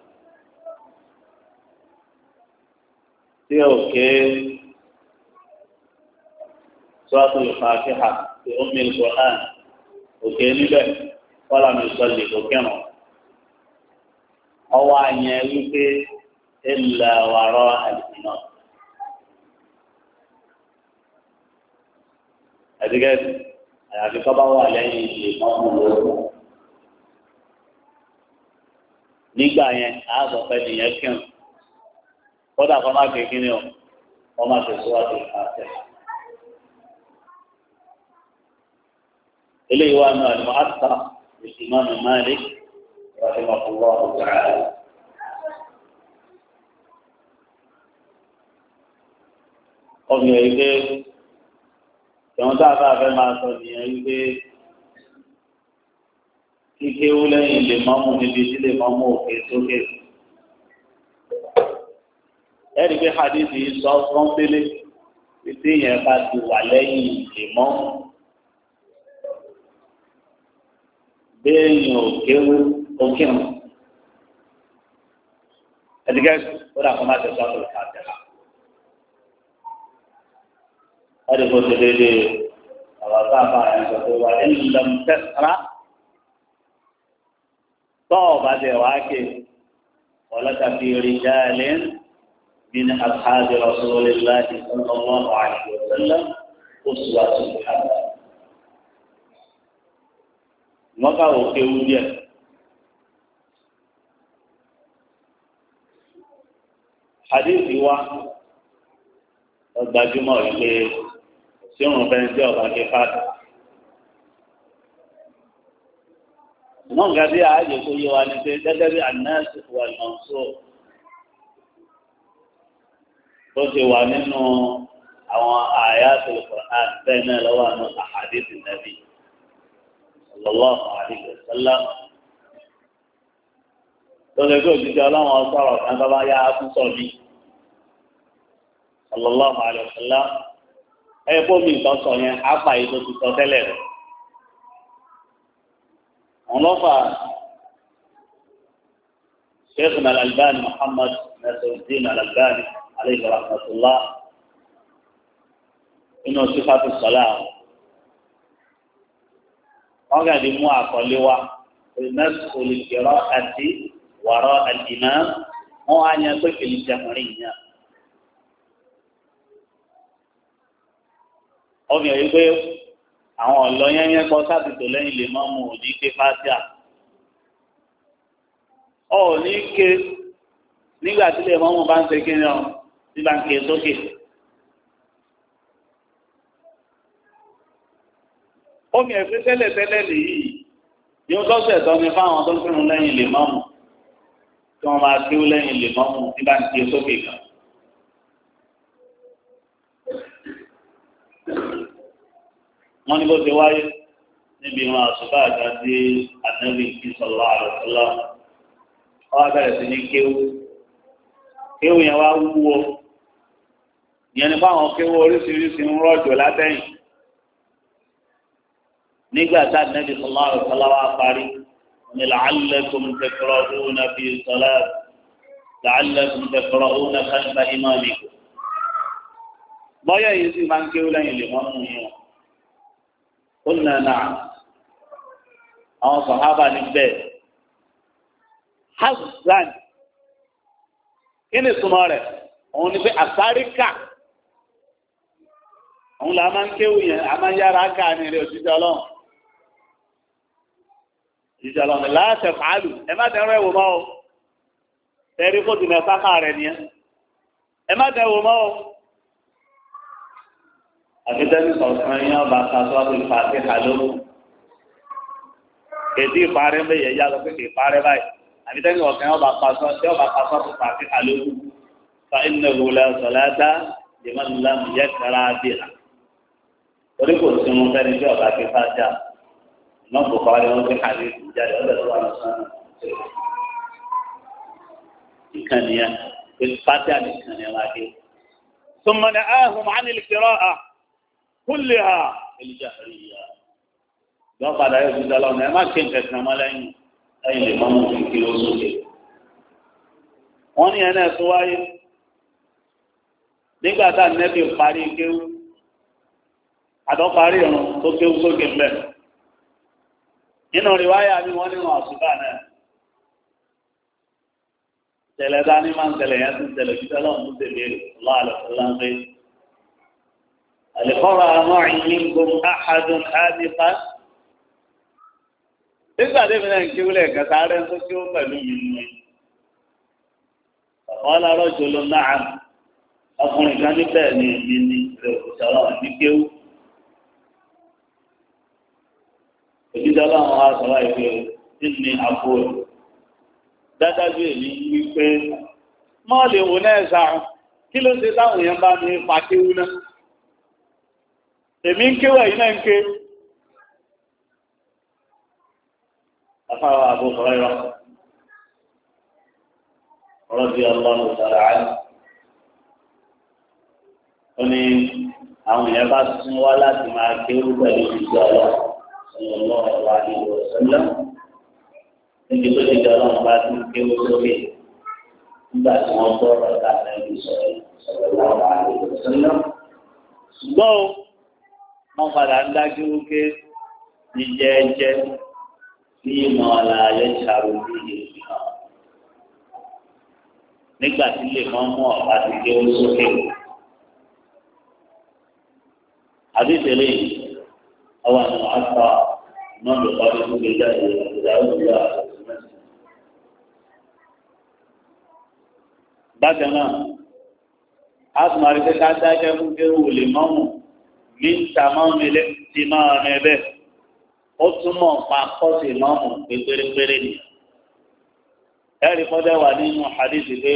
تيوكي sọ́ọ́tù ìfàkíhà ti omi ìkọ̀hán òkè níbẹ̀ kọ́lá mi sọ lè kó kẹ́rùn. ọwọ́ àyẹn wípé ilẹ̀ wàrọ̀ àdìsínà. ẹ̀dígẹ́sì àyàfi kọ́ bá wà lẹ́yìn ìlẹ̀ mọ́mú nígbà yẹn àásọ̀ pé nìyẹn kírun kódà kọ́ má kékeré o kọ́ má tẹ̀síwájú ìfàkíhà. إليه wà nù àlùmọ́àtà ìsìmọ́nù رحمه الله تعالى. ọ̀gbìn ẹ̀yìn pé ìwọ̀n tá a bá fẹ́ máa sọ nìyẹn wípé kíkéwú lẹ́yìn lè máa mú níbi tí lè máa mú òkè sókè. ẹ̀rí pé hadith yìí sọ fọ́npélé títí yẹn bá ti wà lẹ́yìn lè máa béèyàn ò kéwu òkèwù ẹdígẹ ó dà kó má tẹsán tó ká tẹ ẹdí kó tó déédéé àwọn sáfà yẹn sọ pé wà ẹni lọ tẹsán tọ́ọ̀ bá tẹ wá ké ọlọ́ta fi rí dáálẹ́ من أصحاب رسول الله صلى الله عليه وسلم أسوة حسنة wọ́n bá wò kéwu díẹ̀. hadithi wa ọgbàjúmọ̀ ìpè sírun fẹ́ńtì ọ̀gá kíkàtà. wọ́n ga bí kó yé wa ní pé gẹ́gẹ́ bí anáàsì wà lọ́sọ̀ tó ti wà nínú àwọn àyà tó kọ̀ àti bẹ́ẹ̀ àwọn àhàdìsì nàbí sallallahu alaihi wasallam lọ́dọ̀ pé òjijì ọlọ́run ọ̀sọ̀rọ̀ kan tó bá yá akúsọ̀ mi sallallahu alaihi wasallam ẹ̀yẹ kó mi nǹkan sọ yẹn apá yìí tó ti sọ tẹ́lẹ̀ rẹ̀ wọn lọ fà sheikh al-Albani Muhammad Nasiruddin al-Albani aleyhi rahmatulah inú sífàtú sọlá wọ́n gàdí mú àkọlé wa olùmẹ́sọ̀lù ìrọ̀ àti wàrọ̀ àdìmá wọ́n á yan pé kìlì jàmọ́rin yẹn. ọmọ yẹn pé àwọn ọ̀lọ́ yẹn yẹn kọ́ sábìtò lẹ́yìn lè mọ́ mu òní ké fásíà. ọ̀ọ́ni ké nígbà tí lè mọ́ mu bá ń ṣe kí ni ọ́ ń ké sókè. omi ẹ̀fẹ́ tẹ́lẹ̀tẹ́lẹ̀ nìyí yóò lọ́sẹ̀ tán ni fáwọn tó ń kírun lẹ́yìn lè mọ́mù tí wọ́n máa kírun lẹ́yìn lè mọ́mù tí bá ń tiẹ̀ sókè kan. wọ́n ní bó ti wáyé níbi ìran àṣùbà àgbà tí ànábì kí sọ̀rọ̀ àròsọ́lá wọ́n á bẹ̀rẹ̀ sí ní kéwú kéwú yẹn wá wúwo ìyẹn ni fáwọn kéwú oríṣiríṣi ń rọ̀jò látẹ̀yìn nígbà tá nẹ́bí sọlá ọ̀sọ́lá wa parí ní làálẹ́kùn tẹ̀kọ̀rọ̀ òun náà fi sọlá làálẹ́kùn tẹ̀kọ̀rọ̀ òun náà kálífà ìmáàmì. bọ́yá yìí sì máa ń kéwú lẹ́yìn lè mọ́nú yẹn ó nà nà àwọn sọ̀hábà ní bẹ́ẹ̀ hasan kí ni súnmọ́ rẹ̀ òun ni pé àsáríkà òun là máa ń kéwù yẹn a máa ń yára ká ní ilé òṣìṣẹ́ ọlọ́run ìjọba ọ̀nà láàṣẹ fàálù ẹ má dẹrọ ẹ̀wò mọ́ o tẹ̀rí kó dùnà sáká rẹ̀ nìyẹn ẹ má dẹrọ mọ́ o. àfitẹ́sí sọ̀tún ẹ̀yìn ọba sàtúwàtò ìfàṣẹ àlóko èdè ìparẹ́ mbẹ́ yẹ̀yà lọ pé kì yẹ kára bí a. orí kò sí mo fẹ́ ni ọba kí fàájà náà kò kọ́ ọ́ ni wọ́n jáde ọ̀dọ̀ tó wà ní sánà nìkan nìyẹn pátá nìkan nìyẹn máa dé. ثم نهاهم عن القراءة كلها الجهرية yọ padà yóò fi dọ́lọ́ ọ̀nà ẹ má ké nǹkan kan mọ́ lẹ́yìn lẹ́yìn lè mọ́mú fi kí ó sókè. wọ́n ní ẹ̀nà ẹ̀sùn wáyé nígbà tá a nẹ́bí parí kéwú àtọ́ parí ọ̀run tó kéwú sókè mbẹ́ nínú ríwáyà bí wọ́n nínú àṣùbà náà tẹ̀lẹ̀ dání máa ń tẹ̀lẹ̀ yẹn tún tẹ̀lẹ̀ títẹ́ lọ́wọ́ tún tẹ̀lé láàlọ́fọ́láńgbé àlẹ́kọ́rọ̀ àwọn ìyìn gbòm áhàdùn ádìpá nígbà tí ìfìlẹ̀ ń kíwúlẹ̀ kẹta rẹ̀ tó kí ó pẹ̀lú yìí nù ọ̀pọ̀ alárọ̀ jòló náà ọkùnrin kan níbẹ̀ ni èmi ní ìrẹ̀ òṣèlú àwọn òjijì ọlọ́run wa sọ wáyé pé ní àbúrò rẹ̀ dájájú èyí wípé mọ́ọ̀lì wò náà sàrùn kí ló ṣe táwọn èèyàn bá ní fàkéwú náà èmi ń kéwà yìí náà ń ké afáwà àbúrò rẹ̀ rọ́bì ọlọ́run sọ̀rọ̀ àná ó ní àwọn èèyàn bá tún wá láti máa kéwú pẹ̀lú ìjọ ọlọ́run sallallahu alaihi wasallam níbi tó ti dá ọlọ́run bá ti kéwọ́ sókè nígbà tí wọ́n gbọ́ ọ̀rọ̀ káàkiri ìlú sọ̀rọ̀ sallallahu alaihi wasallam. ṣùgbọ́n o wọ́n padà ń dájú wípé jíjẹ ẹjẹ ní ìmọ̀ àlàyé ṣàrò ní ìlú náà. nígbà tí lè mọ́ mọ́ ọ̀pá ti kéwọ́ sókè àbí ọwọ́ àwọn àṣà má lọ bá tó gbé jáde ìdá òbí wa bákan náà a tún máa rí pé ká dájẹ́ fún pé wò lè mọ́mù ní tàmọ́mù ilé ti máa rìn bẹ́ẹ̀ ó túmọ̀ pa kọ́sì mọ́mù pé pérépéré ni ẹ̀rí kọ́dẹ̀ wà nínú hadithi pé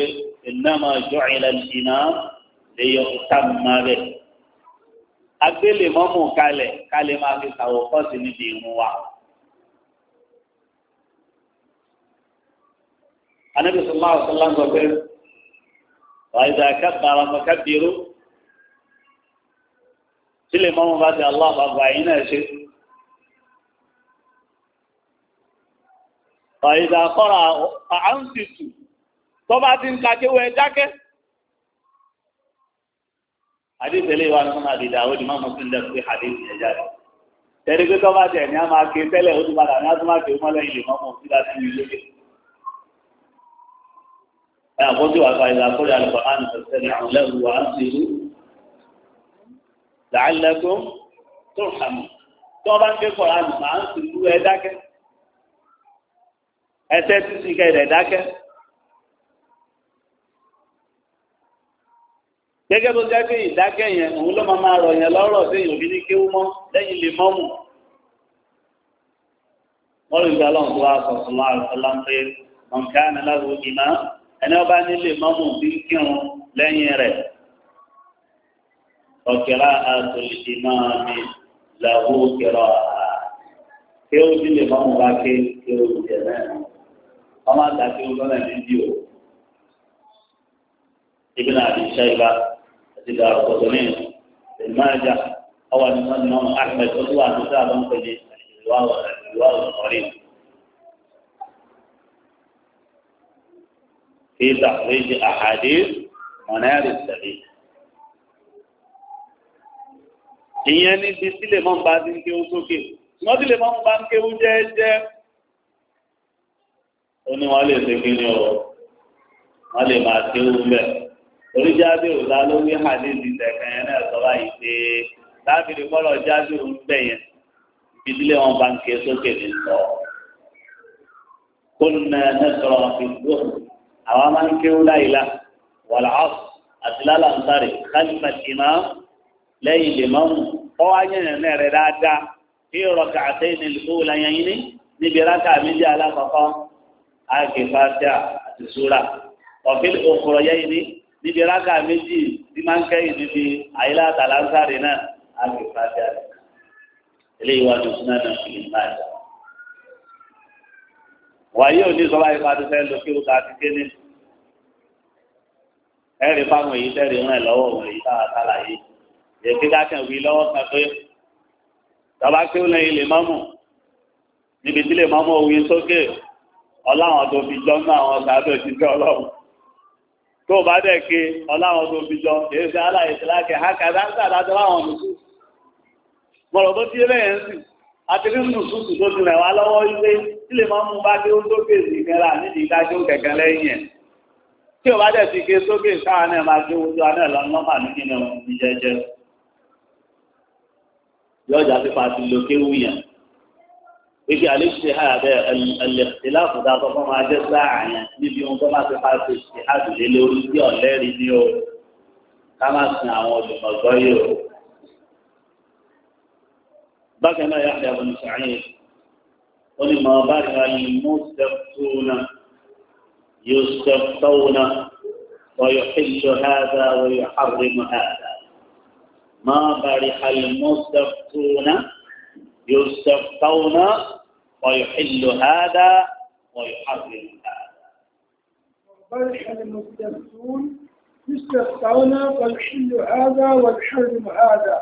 innama ju'ila al-imam li yu'tamma bihi agbélé mọ́mú kalẹ̀ kalẹ̀ máa fi kàwọ́ kọ́sì níbi ìrún wa. anabi sallallahu alaihi wasallam sọ pé wàhídà kábàárà mọ̀kábìrú sílẹ̀ mọ́mú bá ti aláwọ̀ bàbá yìí náà ṣe. wàhídà kọ́ra àǹtìtù tọ́ba ti ń ka dákẹ́ hadith eléyìí wa nínú àbí dàwọ́ ni mọ́mọ́ sílẹ̀ pé hadith yẹn jáde tẹ̀lé pé tọ́ba tẹ̀ ní a máa ké tẹ́lẹ̀ ó ti padà ní a tún máa ké mọ́lẹ̀ ilé mọ́mọ́ sí láti ní ilé ẹ àkójú àgbà ìlà kórè àlùkò àná tẹ̀sẹ̀ àwọn lẹ́rù wa ń ṣe làálẹ́kọ́ tó hàmù tí wọ́n bá ń ké kọ̀ọ̀rọ̀ àná máa ń sìnkú ẹ kẹ́ gẹ́gẹ́ bó jẹ́ pé ìdákẹ́ yẹn òun ló máa máa rọ̀ yẹn lọ́rọ̀ sí èèyàn bí ní kéwú mọ́ lẹ́yìn lè mọ́mù. wọ́n rí ìgbà lọ́nà tó wá sọ fún wa àlùfọ́lá ń pé ọ̀nkà ni lágbo ìmá ẹni ọba nílé mọ́mù bí ń kírun lẹ́yìn rẹ̀. ọ̀kẹ́rà àtòlì ìmá mi làwọ̀ kẹrọ kéwú bí lè mọ́mù bá ké kéwú jẹ náà ọmọ àtàkéwú lọ́nà ìdí o. Ibn Abi Shayba إلى القطنين الماجة أو الإمام أحمد أطلع كتابا في الجواب القريب في تخريج أحاديث منار السبيل ìyẹn ní bí sílẹ̀ mọ́ bá ti ń ké oúnjẹ òkè wọ́n sílẹ̀ mọ́ bá ń ké oúnjẹ ó ní wọ́n lè ṣe kí ni ọ̀rọ̀ wọ́n lè máa ké oúnjẹ torí jábìrì la ló wí hadithi tẹ̀kẹ́ yẹn náà sọ báyìí pé láàbìrì kọ́lọ̀ jábìrì ń bẹ̀ yẹn ìdílé wọn bá ń ké sókè ní sọ. kólúnà ẹ̀sọ̀rọ̀ ìgbó àwọn máa ń kéwú láìla wàlá ọ̀f àti lálàntàrí kálífà ìmá lẹ́yìn lè máa mú ọ wá yẹn yẹn rẹ̀ dáadáa kí ọ̀rọ̀ kàtẹ́ ní lùkúwù láyẹn yín ní níbi níbi rákà méjì tí máa ń kẹ́yìn níbi àyílá àtàlánsárì náà á lè fàájì àná eléyìí wà ní súnà náà fi ní máa jà. wàyí ò ní sọ́wọ́ ipa tó fẹ́ lọ kí o ta ti ké ní. ẹ̀rí fáwọn èyí tẹ̀rí ràn lọ́wọ́ òun èyí táwa sálà yìí èyí kákan wí lọ́wọ́ kan pé tọ́ba kí ó lẹ́yìn lè mọ́mù níbi tí lè mọ́mù òun sókè ọláwọn tó fi jọ́nú àwọn sábẹ́ òṣìṣẹ́ ọlọ́run tó bá dẹ̀ ké ọláwọn tó fi jọ kìí ṣe aláìsí láti hákàdá sàdájọ láwọn nùsù mọ̀rọ̀ tó tí ẹlẹ́yẹ ń sìn àti rí nùsù tù tó ti rẹ̀ wá lọ́wọ́ ilé ilé máa ń mú bá dé ó sókè sí ìnira nídìí ìdájọ́ kẹ̀kẹ́ lẹ́yìn ẹ̀ tí o bá dẹ̀ ti ké sókè sáà náà máa gbé ojú aná lọ nọ́mà ní kíni ọ̀hún ti jẹjẹ yọjà pípa ti lo kéwù yẹn wípé àlejò ha abẹ ẹlẹtìláàfù dáàbò fún ọmọ ajé sáà yẹn níbi ohun tó máa ti pa ṣe ṣe àdùlé lórí tí ọlẹ́rìí ni o ká má sin àwọn olùmọ̀gbọ́ yìí o. bákan náà yàtọ̀ ẹ̀bùn sàáyé ó ní màá bá rẹ̀ ní mùsẹ̀túnà yùsẹ̀túnà ويحل هذا ويحرم هذا ما برح المستفتون يستفتون ويحل هذا ويحرم هذا ويبرح المستفتون يستفتون ويحل هذا ويحرم هذا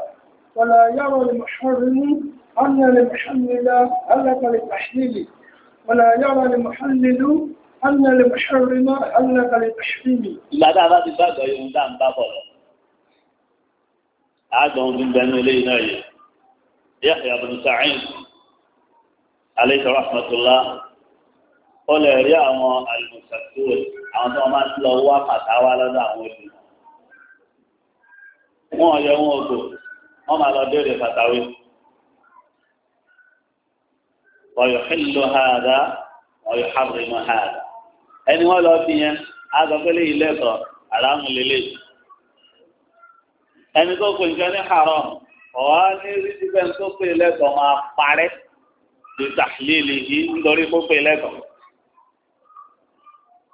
فلا يرى المحرم أن المحلل علق للتحليل ولا يرى المحلل أن المحرم علق لتحريمه لا لا لا لا لا لا بابا لا لا من بنو لينا Yahya bin Sa'id alayhi rahmatullah ó lè rí àwọn alùpùpù àwọn tó máa ń lọ wá pàtàwá lọ́dọ̀ àwọn òbí wọn ọ̀yọ́ wọn ògbò wọn máa lọ béèrè pàtàwé ọ̀yọ̀ hìlò hàdá ọ̀yọ̀ hàbìrìmọ̀ hàdá ẹni wọn lọ fi yẹn agbẹ́lẹ́ ilé ẹ̀kọ́ àràmù lélẹ̀ ẹni tó kò nǹkan ní haram ọ̀hán ní rídíbẹ̀ tó pè lẹ́tọ̀ máa parẹ́ lè tàlílì yìí nítorí kó pè lẹ́tọ̀.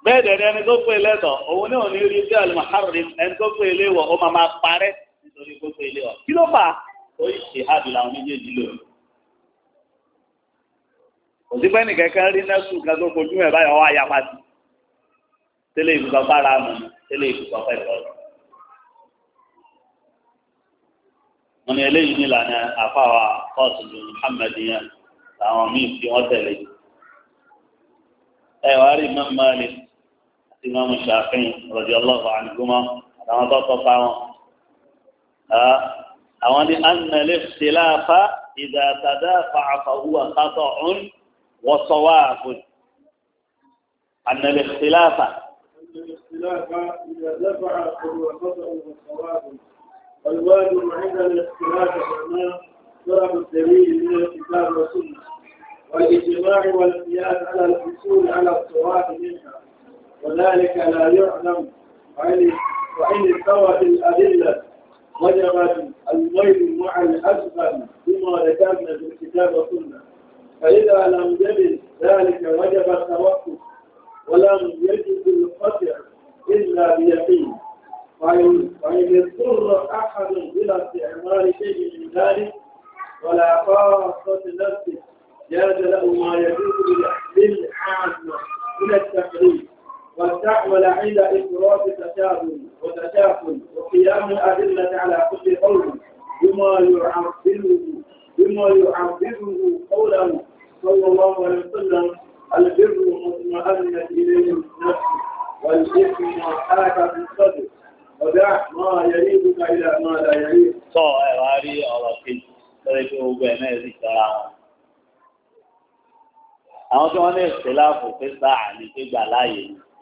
bẹ́ẹ̀ dẹ̀dẹ̀ ẹni tó pè lẹ́tọ̀ òun ní òní rí bí alimaharri ẹni tó pè léwọ̀ ó máa máa parẹ́ nítorí kó pè léwọ̀ kí ló fà á ó yìí ṣe hábìlì àwọn méjèèjì lónìí òsínpẹ́ nìkan kan rí nẹ́sù kan tó fojú ẹ̀ báyọ̀ wá yapa sí tẹ́lẹ̀ ìbùkún bára mu tẹ́lẹ̀ ìbùkún ọ̀fẹ́ ìbọ̀lọ́. wọn ni eléyìí nílànà àfàwà kọ́ọ̀sìlù muhammadiyan àwọn míì tí wọ́n tẹ̀lé ẹ wàá rí imam malik àti imam shafi'i radiyallahu anhuma àtàwọn tó tọ́pa wọn. àwọn ni anna liftilafa idha tadafa'a fahuwa khata'un wa sawabun anna liftilafa. anna liftilafa idha tadafa'a fahuwa khata'un wa sawabun. الواجب عند الاختلاف والناس ضرب الدليل من الكتاب والسنة والإجماع والقياس على الحصول على الصواب منها وذلك لا يعلم وإن استوت الأدلة وجب الميل مع الأسفل بما ذكرنا في الكتاب والسنة فإذا لم يجد ذلك وجب التوقف ولم يجد القطع إلا بيقين وإن اضطر أحد إلى استعمال شيء من ذلك ولا خاصة نفسه جاز له ما يجوز للعامة من التقريب واستعمل عند إفراد تشابه وتشاكل وقيام الأدلة على كل قول بما يعبره بما يعبره قوله صلى الله عليه وسلم البر مطمئنة إليه النفس والإثم حاك في الصدر Sọ ẹ̀rọ rí ọ̀rọ̀ kejì lórí pé gbogbo ẹ̀ náà sì tọ́ra wọn. Àwọn tí wọ́n ní ìṣẹ́láàfù pé sáà ní pé gbà láàyè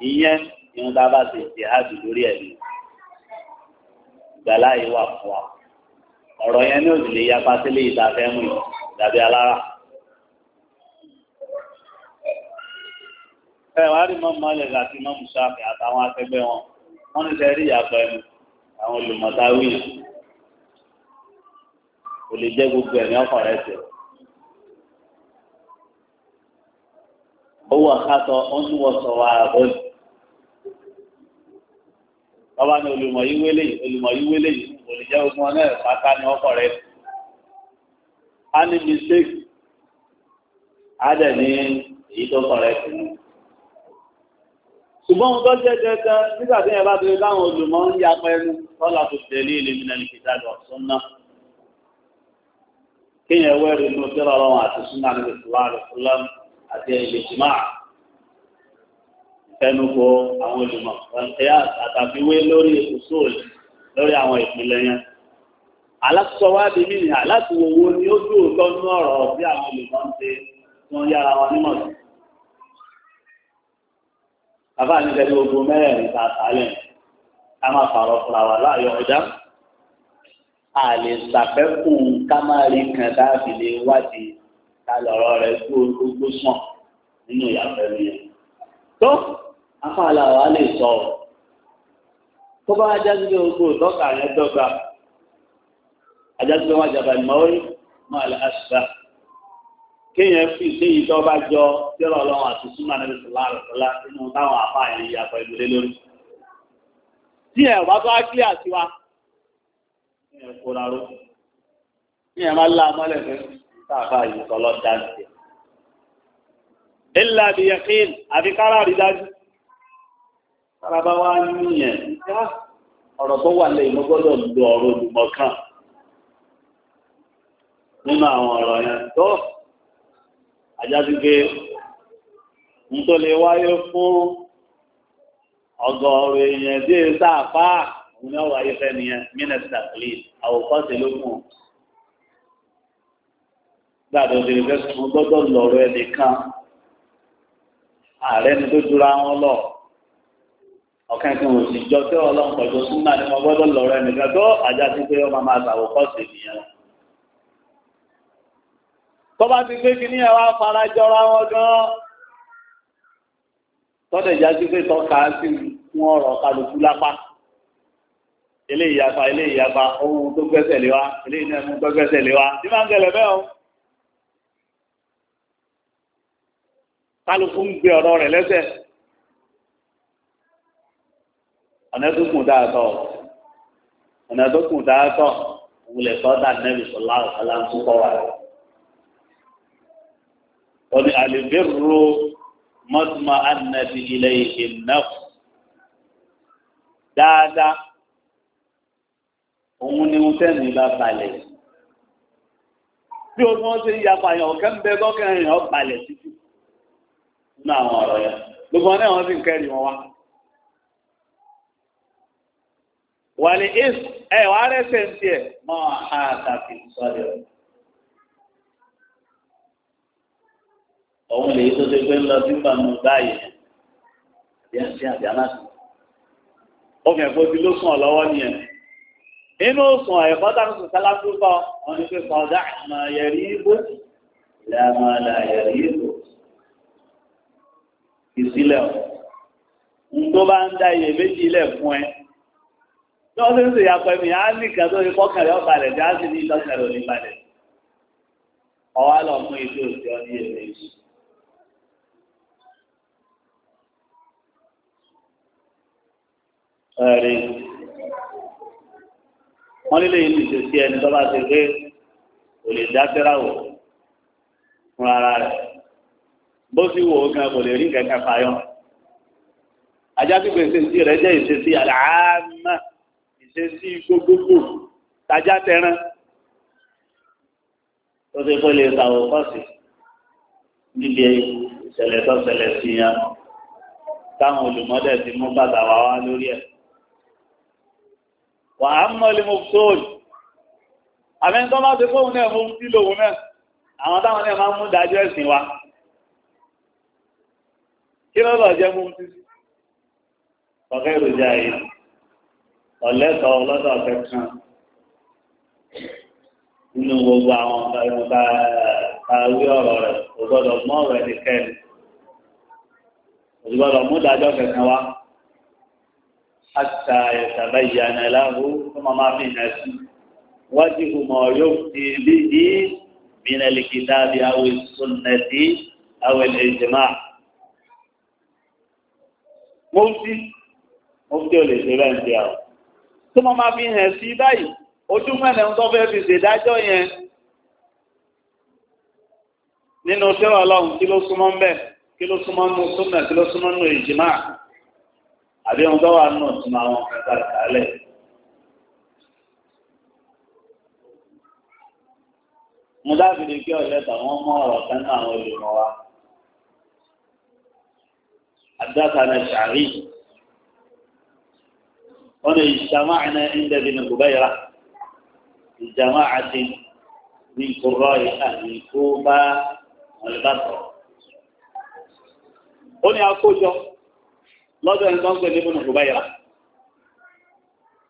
ìyẹn ni wọ́n dábàá ti jìhádì lórí ẹ̀mí. Gbà láàyè wà fún wa. Ọ̀rọ̀ yẹn ní òsì lè yapa sílé ìdáfẹ́ mú ìdàbí alára. Ẹ̀wá rí mọ́mọ́ lẹ̀ láti mọ́mú sáfì àtàwọn akẹgbẹ́ wọn wọ́n ní sẹ́rí ìyàtọ̀ ẹnu àwọn olùmọ̀táwì kò lè jẹ́ gbogbo ẹ̀mí ọkàn rẹ̀ tẹ̀. owó àkàtọ̀ ó ń tún wọ sọ wa àbọ̀lì. bàbá ní olùmọ̀ yí wélé yìí olùmọ̀ yí wélé yìí kò lè jẹ́ gbogbo wọn náà pátá ní ọkàn rẹ̀. a ní mistake a dẹ̀ ní èyí tó kọ̀ rẹ̀ tì mí ṣùgbọ́n ohun tó jẹ́ dandan nígbà tí ẹ bá ti báwọn olùmọ̀ ń ya pẹ́ẹ́nu tọ́lá tó tẹ̀lé ilé mi náà ní kìtà lọ inú tẹ́lá ọlọ́run àti súnná níbi ìtura rẹ̀ àti ilé jìmá fẹnu kò àwọn olùmọ̀ ẹ̀yà àtàfiwé lórí òṣòl lórí àwọn ìpìlẹ̀ yẹn alásọwádìí mi nìyà ni ó dúró tọ́nú ọ̀rọ̀ bí àwọn olùmọ̀ ń ṣe wọ́n yára wọn nímọ̀ sí àbá nígbà tí gbogbo mẹ́rẹ̀ẹ̀rin ta àtàlẹ̀ ká máa pààrọ̀ fúnra wa láàyò ọjà a lè ṣàfẹ́kù ká máa rí kan dáàbì lè wádìí ká lọ́rọ̀ rẹ̀ gbogbo sàn nínú ìyàfẹ́ mi yẹn. tó afáàlà wa lè sọ tó bá ajá sí gbogbo yẹn dọ́gba ajá wọn jàbá ìmọ̀ọ́rí máa lè àṣìṣà kéèyàn fi ilé ìjọba jọ yọrọ Ọlọ́run àti súnmọ́ àti ìṣòlá àrùsọlá nínú táwọn àpá yẹn yà pẹ̀lú lé lórí. tí ẹ wá tó á kílé àti wa ní ẹ kóra ró ní ẹ máa lá mọ́lẹ̀ pé káàkiri àyè sọlọ dáńtì. ilà àbíyẹ kéèn àfi kára rí dájú. kárábá wa níyẹn ọ̀rọ̀ tó wà lẹ́yìn mo gbọ́dọ̀ lo ọ̀rọ̀ olùmọ̀ kan nínú àwọn ọ̀rọ̀ yẹn tó àjájú pé ń tó lè wáyé fún ọgọ́rùn èèyàn bí èyí sáàpá òun náà wáyé fẹ́ nìyẹn mínísítà lè àwòkọ́sí ló mú gbàdọ̀ òdèrè fẹ́ sùn gbọ́dọ̀ lọ̀rọ̀ ẹnìkan ààrẹ ni tó jura wọn lọ ọ̀kan kan ò sì jọ sí ọlọ́run pẹ̀lú súnmọ́ ni wọ́n gbọ́dọ̀ lọ̀rọ̀ ẹnìkan tó àjájú pé wọ́n máa máa gbàwòkọ́sí nìyẹn tọ́ba ti gbé kí ní ẹwà farajọra wọn gan tọ́dẹ̀ ìyájú pé tọ́ka sí fún ọ̀rọ̀ kálukú lápá eléyìí yapa eléyìí yapa ohun tó gbẹ́sẹ̀ lé wa eléyìí náà mú tó gbẹ́sẹ̀ lé wa ní máa ń gẹlẹ̀ bẹ́ẹ̀ o kálukú ń gbé ọ̀rọ̀ rẹ̀ lẹ́sẹ̀ ọ̀nà tó kùn dáàtọ̀ ọ̀nà tó kùn dáàtọ̀ òun lè nẹ́bí sọ̀lá ọ̀sán láǹtú kọ́ wa rẹ̀ ọdún àlèbérò mọ́tùmá ànàbì ilẹ̀ ìnáf dáadáa òun ni mo fẹ́ mi bá balẹ̀ bí o ní wọ́n ṣe ń yapa yẹn ọ̀kẹ́ ń bẹ bọ́kẹ́rin yẹn ọ̀ balẹ̀ títí nínú àwọn ọ̀rọ̀ yẹn gbogbo ọ̀nà wọn sì ń kẹ́rì wọn wá. wàlẹ̀ ẹ̀ wàá rẹ̀ ṣe ń mọ́ àtàkì sọ́dẹ̀ ọ̀hún lèyí tó ṣe pé ń lọ sí ìbámu báyìí àbí àti àbí aláṣẹ. omi ẹ̀fọ́ ti ló sùn lọ́wọ́ nìyẹn. inú sùn ẹ̀fọ́ tá a sùn sálákú kọ́ wọn ni pé kọjá àmà yẹrí ibò làmà là yẹrí ibò. ìsílẹ̀ ń tó bá ń da iyèméjì ilẹ̀ fún ẹ. tí wọ́n ti ń ṣèyàpọ̀ ẹ̀mí á nìkan tó ṣe kọ́kànlẹ̀ ọ̀balẹ̀ tí á sì ní ìtọ́kànlẹ̀ òní balẹ̀. ọ̀wá lọ mú ìdí òsì ọ ẹ̀rí wọ́n nílé yìí nìṣe sí ẹni tó bá ṣe pé kò lè dá síra wò fún ara rẹ̀ bó sì wò ó gan kò lè rí kankan fayọ́ ajá pípé ìṣesí rẹ̀ jẹ́ ìṣesí àlàámà ìṣesí gbogbogbò tajá tẹran tó ṣe kó lè ṣàwọ̀ kọ́sì níbi ìṣẹ̀lẹ̀ tó ṣẹlẹ̀ sí yẹn táwọn olùmọ́dẹ̀ ti mú bàtà wá wá lórí ẹ̀ wà á mọ́ lè mọ̀ sóòlù àmẹ́ńtọ́ bá ti fóun náà mú sí lòun náà àwọn táwọn náà máa ń mú dájọ́ ẹ̀sìn wa kí ló jẹ́ mú sí ọ̀gá èròjà yìí ọ̀lẹ́sọ̀ ọlọ́dọ̀ ọ̀fẹ́ kan nínú gbogbo àwọn ọ̀gá ìmọ̀ta ọ̀rọ̀ rẹ̀ kò gbọ́dọ̀ mọ́ ọ̀rọ̀ ẹnikẹ́ni kò gbọ́dọ̀ mú dájọ́ kẹ̀kẹ́ wa. حتى يتبين له ثم ما في نفسه وجه ما يفتي به من الكتاب أو السنة أو الإجماع مفتي مفتي الإجماع دياو ثم ما في نفسه باي ojú mẹ́rin ń tọ́fẹ́ fi ṣèdájọ́ yẹn nínú sẹ́rọ̀ ọlọ́run kí ló súnmọ́ ń bẹ̀ kí ló súnmọ́ nù súnmọ́ kí ló súnmọ́ nù ìjìmá àbí ohun tó wà náà tún máa wọn kẹta kálẹ̀. mo dábìlì kí ọ̀lẹ́ tàwọn mọ ọ̀rọ̀ kan náà àwọn olùmọ̀ wa. حدثنا الشعري قلنا اجتمعنا عند ابن جبيرة جماعة من قراء أهل الكوفة والبصرة قلنا أقول lọ́dọ̀ ẹni tó ń pè ní bùnú kùbáyà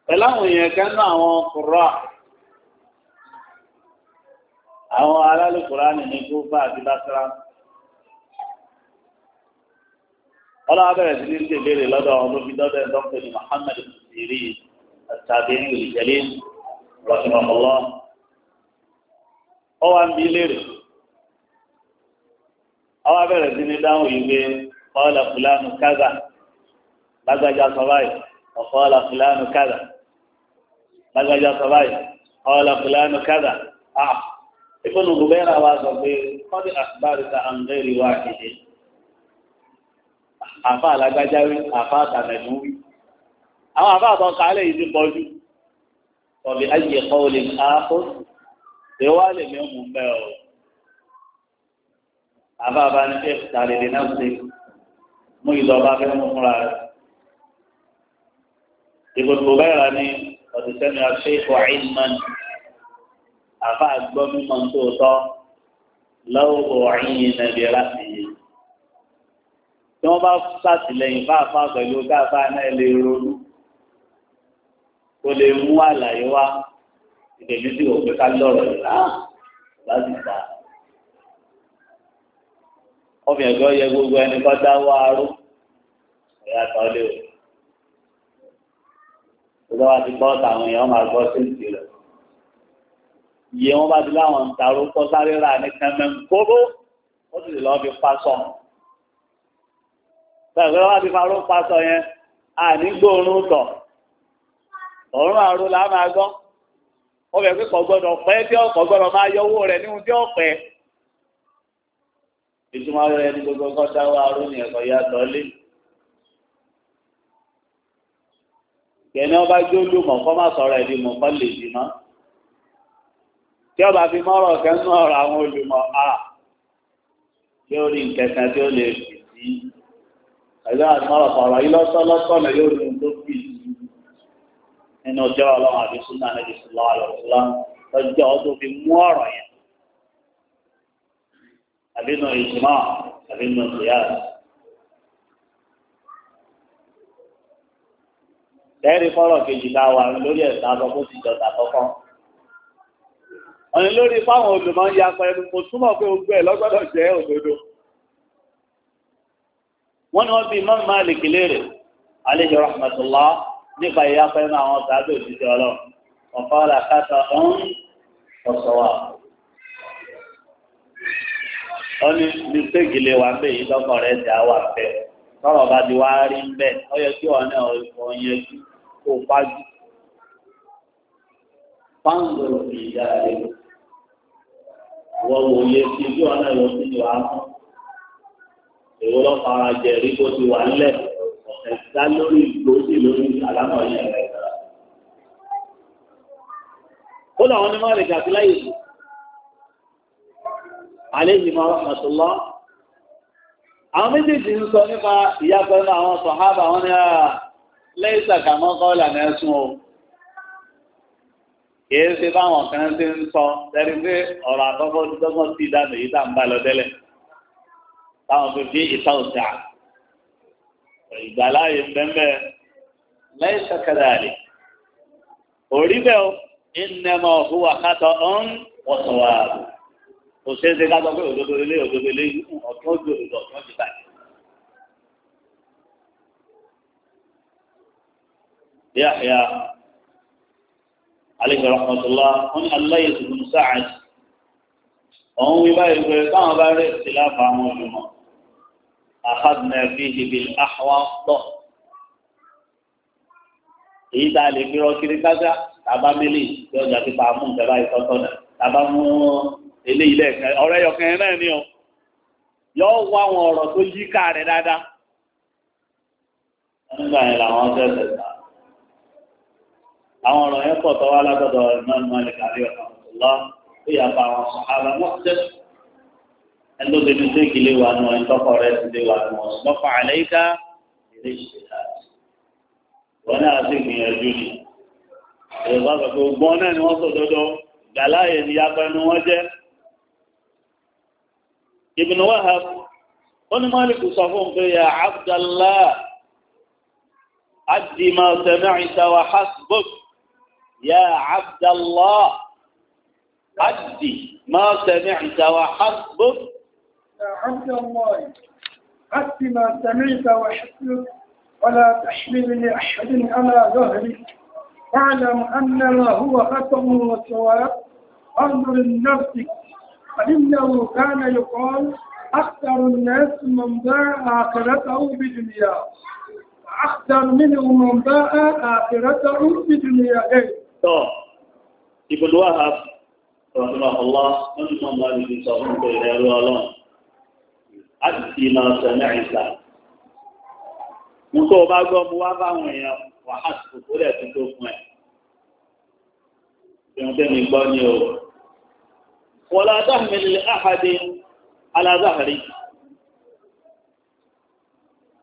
pẹ̀lú àwọn èèyàn kan náà àwọn kùrọ̀ àwọn aráàlú kùránì ní kúfà àti bàtàrà ọlọ́wọ́ bẹ̀rẹ̀ sí ní ṣe ìbéèrè lọ́dọ̀ àwọn olóbi lọ́dọ̀ ẹni tó ń pè ní Muhammad siri àtàbí ìjẹlẹ rọṣùmọ̀mọ́lọ́ ọ wá ń bi léèrè ọwọ́ bẹ̀rẹ̀ sí ní dáhùn ìwé ọlọ́ fúlánù lágbájá sọ báyìí ọ̀fọ́ ọ̀la fìlànù kádà lágbájá sọ báyìí ọ̀la fìlànù kádà à ìfúnnù gùbẹ́rà wa sọ pé kọ́dí àtibárìkà àǹdẹ́rì wá kéde àfa alágbájá wí àfa àtàmẹ̀dún wí àwọn àfa àtọ̀ kálẹ̀ yìí ti pọ̀jù ọ̀bí ayé ẹ̀kọ́ olè ní àákó ìwà lè ní ọmọ mbẹ́ ọ̀ àfa àbá ní ẹ̀fù tàlẹ̀ lè náà ṣe mú ìlọ́ba fẹ́ mú fúnra rẹ̀. Ibn Hubayra ni ọ̀sẹ̀ sẹ́mi àṣeyìkọ̀ àìmán àfa àgbọ̀ mímọ́ tó tọ́ lọ́wọ́ ọ̀hìn nàbí láti yìí. Tí wọ́n bá sàtìlẹ́yìn fáfá pẹ̀lú káfá náà lè ronú kó lè mú àlàyé wá ìdèmí sí òpin ká lọ́rọ̀ yìí náà láti gbà á ọmọ yẹ gbogbo ẹni kọ́ dáwọ́ arú ẹ̀yà tọ́lé o lọ́wọ́ àti bọ́ọ̀tà àwọn èèyàn máa gbọ́ sí ìdí rẹ̀. Iye wọn bá ti láwọn ń taró kọ́ sáré rà ní kẹ́mẹ́ kóbó, ó sì lọ́ fi pásọ. Bẹ́ẹ̀ lọ́wọ́ ti faró pásọ yẹn, a ní gbóòórùn tọ̀. Ọ̀run àrò là máa gbọ́. Wọ́n fẹ́ pé kò gbọ́dọ̀ pẹ́ tí ọkọ̀ gbọ́dọ̀ máa yọ owó rẹ̀ níhun tí ó Ìtumọ̀ rẹ̀ ni gbogbo kọ́ dáwọ́ aró ni ẹ̀kọ́ yá lé. kẹ́ni ọba jó lùmọ̀ kọ́ má sọ̀rọ̀ ẹ̀dí mọ̀ kọ́ lè dì mọ́ tí ọba fi mọ́rọ̀ kẹ́nu ọ̀rọ̀ àwọn olùmọ̀ a yóò rí nkẹ̀kẹ́ tí ó lè fi sí ẹ̀dá àtúmọ̀rọ̀ sọ̀rọ̀ yìí lọ́sọ̀ lọ́sọ̀ náà yóò rí tó fi sí nínú ọjọ́ ọlọ́run àti súnà nàbì sùlọ́ àlọ́sùlá lọ́jọ́ tó fi mú ọ̀rọ̀ yẹn àbínú ìjùmọ̀ àbínú ìyá rẹ̀. ẹ̀rí fọ́rọ̀ kejì la wà lórí ẹ̀sà sọ ti jọta kọ́kọ́. ọ̀nà lórí fáwọn olùmọ̀ ń yapa ẹnu kò túmọ̀ pé ogun ẹ̀ lọ́gbọ́dọ̀ jẹ́ òdodo. wọ́n wọ́n Imam Malik léèrè alayhi rahmatullah nípa ìyapa ẹnu àwọn sàádé òṣìṣẹ́ ọlọ́ ọ̀fọ́ ọ̀là kásá ọ̀hún ọ̀sọ̀wà. wọ́n ní mistake lè wà bẹ́ẹ̀ yìí lọ́kọ̀ rẹ̀ bá ti wá rí bẹ́ẹ̀ ọ kó pájú. Fáńdò ìyá rẹ̀ wọ́n wò yẹ sí ojú ọ̀nà ìwọ̀n sí ìwà mọ́. Èwo lọ fara jẹ rí bó ti wà nílẹ̀. Ọ̀sẹ̀ dá lórí ìgbòsí lórí àlámọ̀ yẹn yìí. máa àwọn méjèèjì ń sọ nípa lẹ́yìn sàkàmọ́ kọ́ọ̀là náà sún o kìí ṣe báwọn kan ṣe ń sọ lẹ́ni pé ọ̀rọ̀ àkọ́kọ́ dọ́gbọ́n sí ìdáná èyí tá à ń bá lọ tẹ́lẹ̀ táwọn fi fi ìta òjà ìgbàláyè bẹ́ẹ̀ lẹ́yìn sàkàdà rè orí bẹ́ẹ̀ o ìnẹ̀mọ̀ òhùwà kátó ọ̀n wọ̀tọ̀wà kò ṣeé ṣe ká sọ pé òdodo ilé òdodo ilé ọ̀tún òdodo ọ̀tún ọ̀tún ìbàdí. يحيى عليه رحمة الله wọn ni aláyẹsù bùn sáàd òun wí báyìí pé káwọn bá rí ìtìláfà àwọn olùmọ̀ àkàdùnà fíhi bil àhwá tọ èyí tá a lè fi rọkiri kájá tàbá mélì yóò jà pípa mú ìjọba ìtọ́tọ́ náà tàbá mú eléyìí lẹ́ẹ̀kan ọ̀rẹ́ yọkàn náà ni ọ yọ wọ àwọn ọ̀rọ̀ tó yí ká rẹ̀ dáadáa nígbà yẹn làwọn fẹ́ẹ́ fẹ́ẹ́ àwọn ọ̀rọ̀ yẹn pọ̀ tọ́wọ́ alágbọ̀dọ̀ Imam Malik alayhi rahmatullah ó yà pa àwọn sàhábà mọ́tẹ́ ẹlóbìnrin tó ìkìlẹ̀ wà nù ẹ̀ńtọ́kọ̀ rẹ̀ ti lè wà nù ọ̀sùnmọ́fà àlẹ́yíká ilé ìṣẹ̀lá wọn náà sì gbìyànjú ni ìrọ̀bá pẹ̀lú gbọ́n náà ni wọ́n sọ dọ́dọ́ gbàláyè ni apẹnu wọn jẹ́ Ibn Wahab ó ní Malik sọ fún un pé ya Abdallah adìmọ̀ sẹ́mi àìsàwà hasbuk يا عبد الله أدي ما سمعت وحسبك يا عبد الله أدي ما سمعت وحسبك ولا تحمل لأحد على ظهرك واعلم أنما هو ختم وثواب انظر لنفسك فإنه كان يقال أكثر الناس من باع آخرته بدنياه أكثر منهم من باع آخرته بدنياه tọ́ ibùdó wà hàp rọ̀tùmọ̀ ọlá wọn tún máa ń sọ fún ìpè ìrẹ́rú ọlọ́run á sì ti máa sọ ní àìsà mo tó o bá gbọ́ mo wá báwọn èèyàn wà wọ́n lọ dáhùnmí àhàdé aláàzáhàrí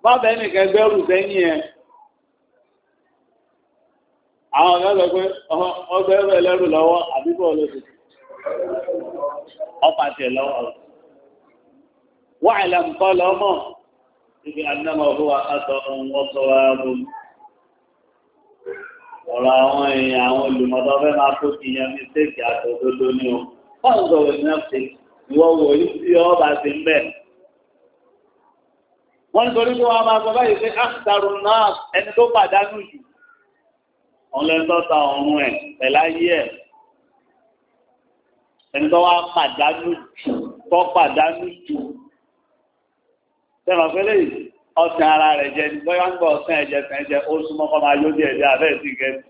bá bẹ́ẹ̀ nìkan gbẹ́rù sẹ́yìn ẹ̀ àwọn ọ̀gá sọ pé ọgbẹ́ ẹ̀rọ ẹlẹ́rù lọ́wọ́ àbíkọ́ olóṣù ọ̀pá tiẹ̀ lọ́wọ́ rẹ̀ wọ́n àìlà nǹkan lọ́mọ́ ibi anáma ọ̀hún aṣọ ohun ọ̀sọ̀ ààbò ọ̀rọ̀ àwọn èèyàn àwọn olùmọ̀tọ́ fẹ́ máa tó kí yan mistake àtòdodo ni o wọ́n sọ̀rọ̀ ní ọ̀sẹ̀ ìwọ wò ó sí ọba sí ń bẹ̀. wọ́n nítorí pé wọ́n máa sọ báyìí pé àṣàrò náà ẹni tó pàdánù jù òun lẹ́nu tó ta ọ̀run ẹ̀ pẹ̀lú ayé ẹ̀ ẹni tó wá pàdánù jù tó pàdánù jù sẹ́wọ̀n pẹ́lẹ́ yìí ọ̀sìn ara rẹ̀ jẹ ní bóyá ń gbọ́ ọ̀sìn ẹ̀jẹ̀ sẹ̀ jẹ ó súnmọ́ kọ́ máa yóò díẹ̀ díẹ̀ abẹ́ sí gẹ̀ẹ́sì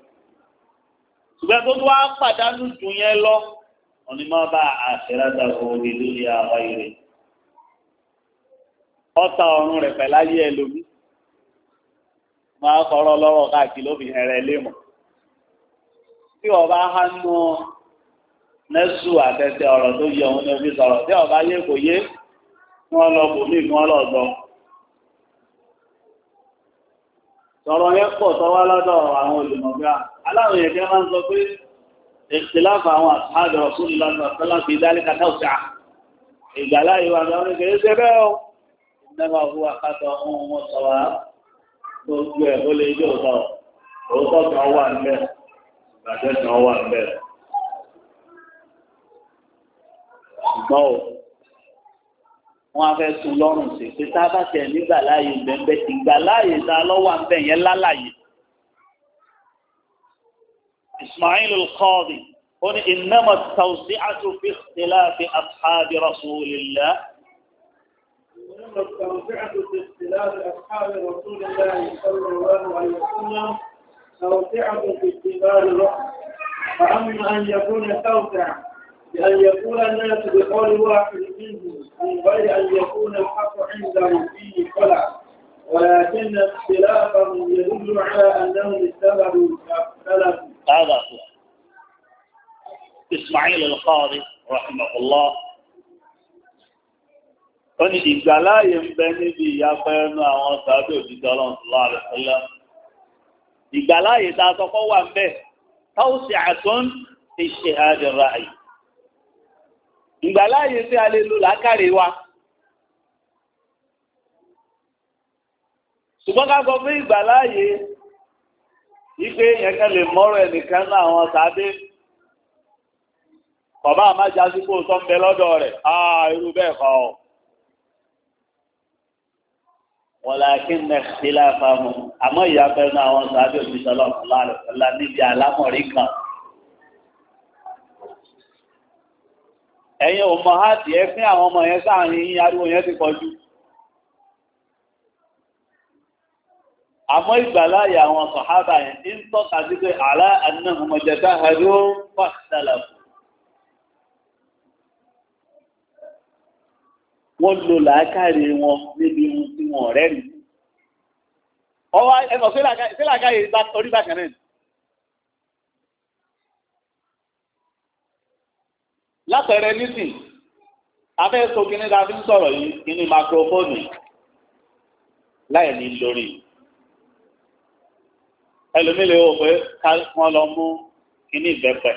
ṣùgbọ́n tó wá pàdánù jù yẹn lọ òní máa bá àṣírádà òní lórí àwọn ire ọ̀tá ọ̀run rẹ̀ pẹ̀láyé ẹlòmí máa kọ́rọ́ lọ́wọ́ káàkiri lóbi hẹrẹ lémọ̀ tí ọba hánú nẹ́sù àtẹ̀tẹ̀ ọ̀rọ̀ tó yẹ òun ní omi sọ̀rọ̀ tí ọba yé kò yé wọn lọ bò mí wọn yẹn pọ̀ tọ́wọ́ lọ́dọ̀ àwọn olùmọ̀gbà aláwọ̀ yẹn kẹ́ máa sọ pé ìṣẹ̀láfà àwọn àṣàjọ ọ̀sùn lọ́dọ̀ tọ́lá fi dálé kàtà ọ̀sà ìgbàlá ìwà àwọn ìgbèrè ṣe bẹ́ẹ̀ o ìnáwó àwọn akátọ̀ ọ̀hún wọn sọ gbogbo ẹ̀ ó lè jẹ́ òótọ́ òótọ́ kan wà nílẹ̀. ìgbàjẹ́sìn ọwà bẹ́ẹ̀. ṣùgbọ́n o wọ́n á fẹ́ sun lọ́rùn sí pé tá a bá tẹ̀ nígbà láàyè bẹ́ẹ̀ ìgbà láàyè tá a lọ́wọ́ àbẹ̀ yẹn lálàyé. Ismail al-Qadi ó ní innama at-tawsi'atu fi ikhtilafi ashabi rasulillah. innama at-tawsi'atu fi ikhtilafi ashabi rasulillah sallallahu alaihi wasallam. توسعة في اتباع الوقت فأما أن يكون توسع بأن يكون الناس بقول واحد منهم من غير أن يكون الحق عندهم فيه خلع ولكن اختلافهم يدل على أنهم اتبعوا اختلفوا هذا هو إسماعيل القاضي رحمه الله wọ́n ni ìgbàláyé ń bẹ níbi ìyá pẹ́ẹ́nu àwọn tàbí òjijì ọlọ́run tó láàrẹ̀ sílẹ̀ ìgbàláyè tá a sọkọ́ wà ń bẹ̀ táwùsì àtún ti ṣe àdìrà yìí ìgbàláyè tí a lè lò lákàrí wa ṣùgbọ́n ká sọ fún ìgbàláyè ipe yẹn kan lè mọ́rọ̀ ẹnìkan náà àwọn sáadé kọ̀ọ̀bá àmájà sípò sọ́ńbẹ lọ́dọ̀ rẹ̀ àà irú bẹ́ẹ̀ kọ́ ọ́ wọlákin na ṣílá famu àmọ́ ìyá fẹnu àwọn sàbẹ òṣìṣẹlọ fúlàrẹ fúlà níbi àlámọ̀rí kan. ẹ̀yin ò mọ háàtì ẹ fún àwọn ọmọ yẹn sáàrin yín ariwo yẹn ti pọ̀jù. àmọ́ ìgbàláyà àwọn sọhábà yẹn ń tọ́ka sí pé àlá àdínàmọjẹta àdó pàṣẹlẹ wọ́n lo làákàrí wọn níbi ohun tí wọn ọ̀rẹ́ rí. ọwọ́ ẹ̀fọ́ sí làákàrí orí bákan náà. látọ̀rẹ nísìn afẹ́sọ kínní ta fi ń sọ̀rọ̀ yìí kínní makrofóònù láì ní lórí ẹlòmílẹ̀ wò pé wọ́n lọ mú kínní ìbẹ́pẹ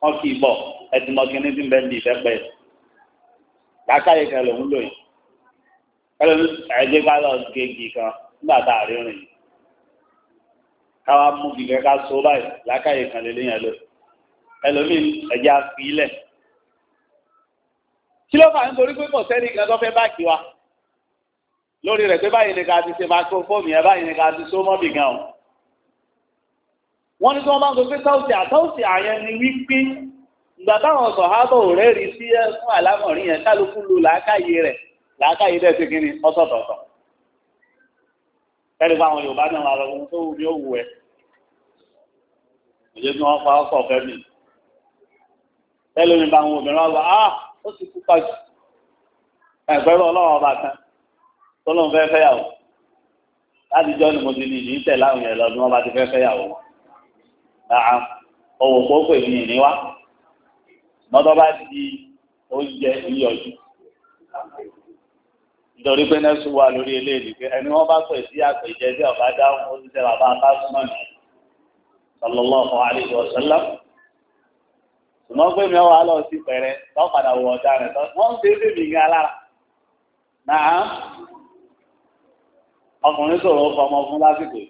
wọ́n kì í bọ̀ ẹ̀dùnmọ̀ kínní ti ń bẹ́ẹ̀ ní ìbẹ́pẹ yìí lákàyè kan lòún lò yìí ẹlòmí ẹ̀jẹ̀ bá lọ géèjì kan nígbà tá a rí rìn yìí káwa mú kìkẹ́ ká so báyìí lákàyè kan lè léyìn ẹlò ẹlòmí ẹ̀jẹ̀ àfilẹ̀ kí ló fà ń torí pé kò sẹ́ni kan tó fẹ́ báàkì wa lórí rẹ̀ pé báyìí ni ká ti ṣe máikrófóònù yẹn báyìí ni ká ti so mọ́bì gan o wọ́n ní kí wọ́n bá ń sọ pé sáwùsì àtọ́wùsì àyẹn ni wípé ìgbà táwọn sọ̀hábọ̀ ò rẹ́rìí sí ẹ fún àlámọ̀rin yẹn kálukú lu làákàyè rẹ̀ làákàyè dẹ̀ ti kíni ọ̀sọ̀tọ̀ọ̀tọ̀ kẹ́lí fún àwọn Yorùbá náà wà lọ́wọ́ tó wù ní òwú ẹ̀ òye tí wọ́n pa ọkọ̀ ọ̀fẹ́ mi tẹ́lómi bá àwọn obìnrin wà á ah, ó sì kú pàjù ẹgbẹ́rú ọlọ́run ọba kan tó lóun fẹ́ fẹ́yàwó láti jọ́ ni mo ti ní ìyìn tẹ̀ láwọn yẹn lọ bí wọ́n bá ti fẹ́ fẹ́yàwó ọ̀wọ̀ kó pè mí ìníwá mọ́tọ́ bá di oúnjẹ yíyọjú nítorí pé nẹ́sù wà lórí eléyìí pé ẹni wọ́n bá pè sí àpèjẹ bí ọ̀bá dáhùn ó ti tẹ bàbá akásùmọ̀ ní sallallahu alaihi wasallam ṣùgbọ́n pé mi wà lọ sí pẹ̀rẹ́ tó padà wọ ọ̀daràn tó wọ́n ń ṣe é bèbí ní alára náà ọkùnrin sọ̀rọ̀ fọmọ fún lásìkò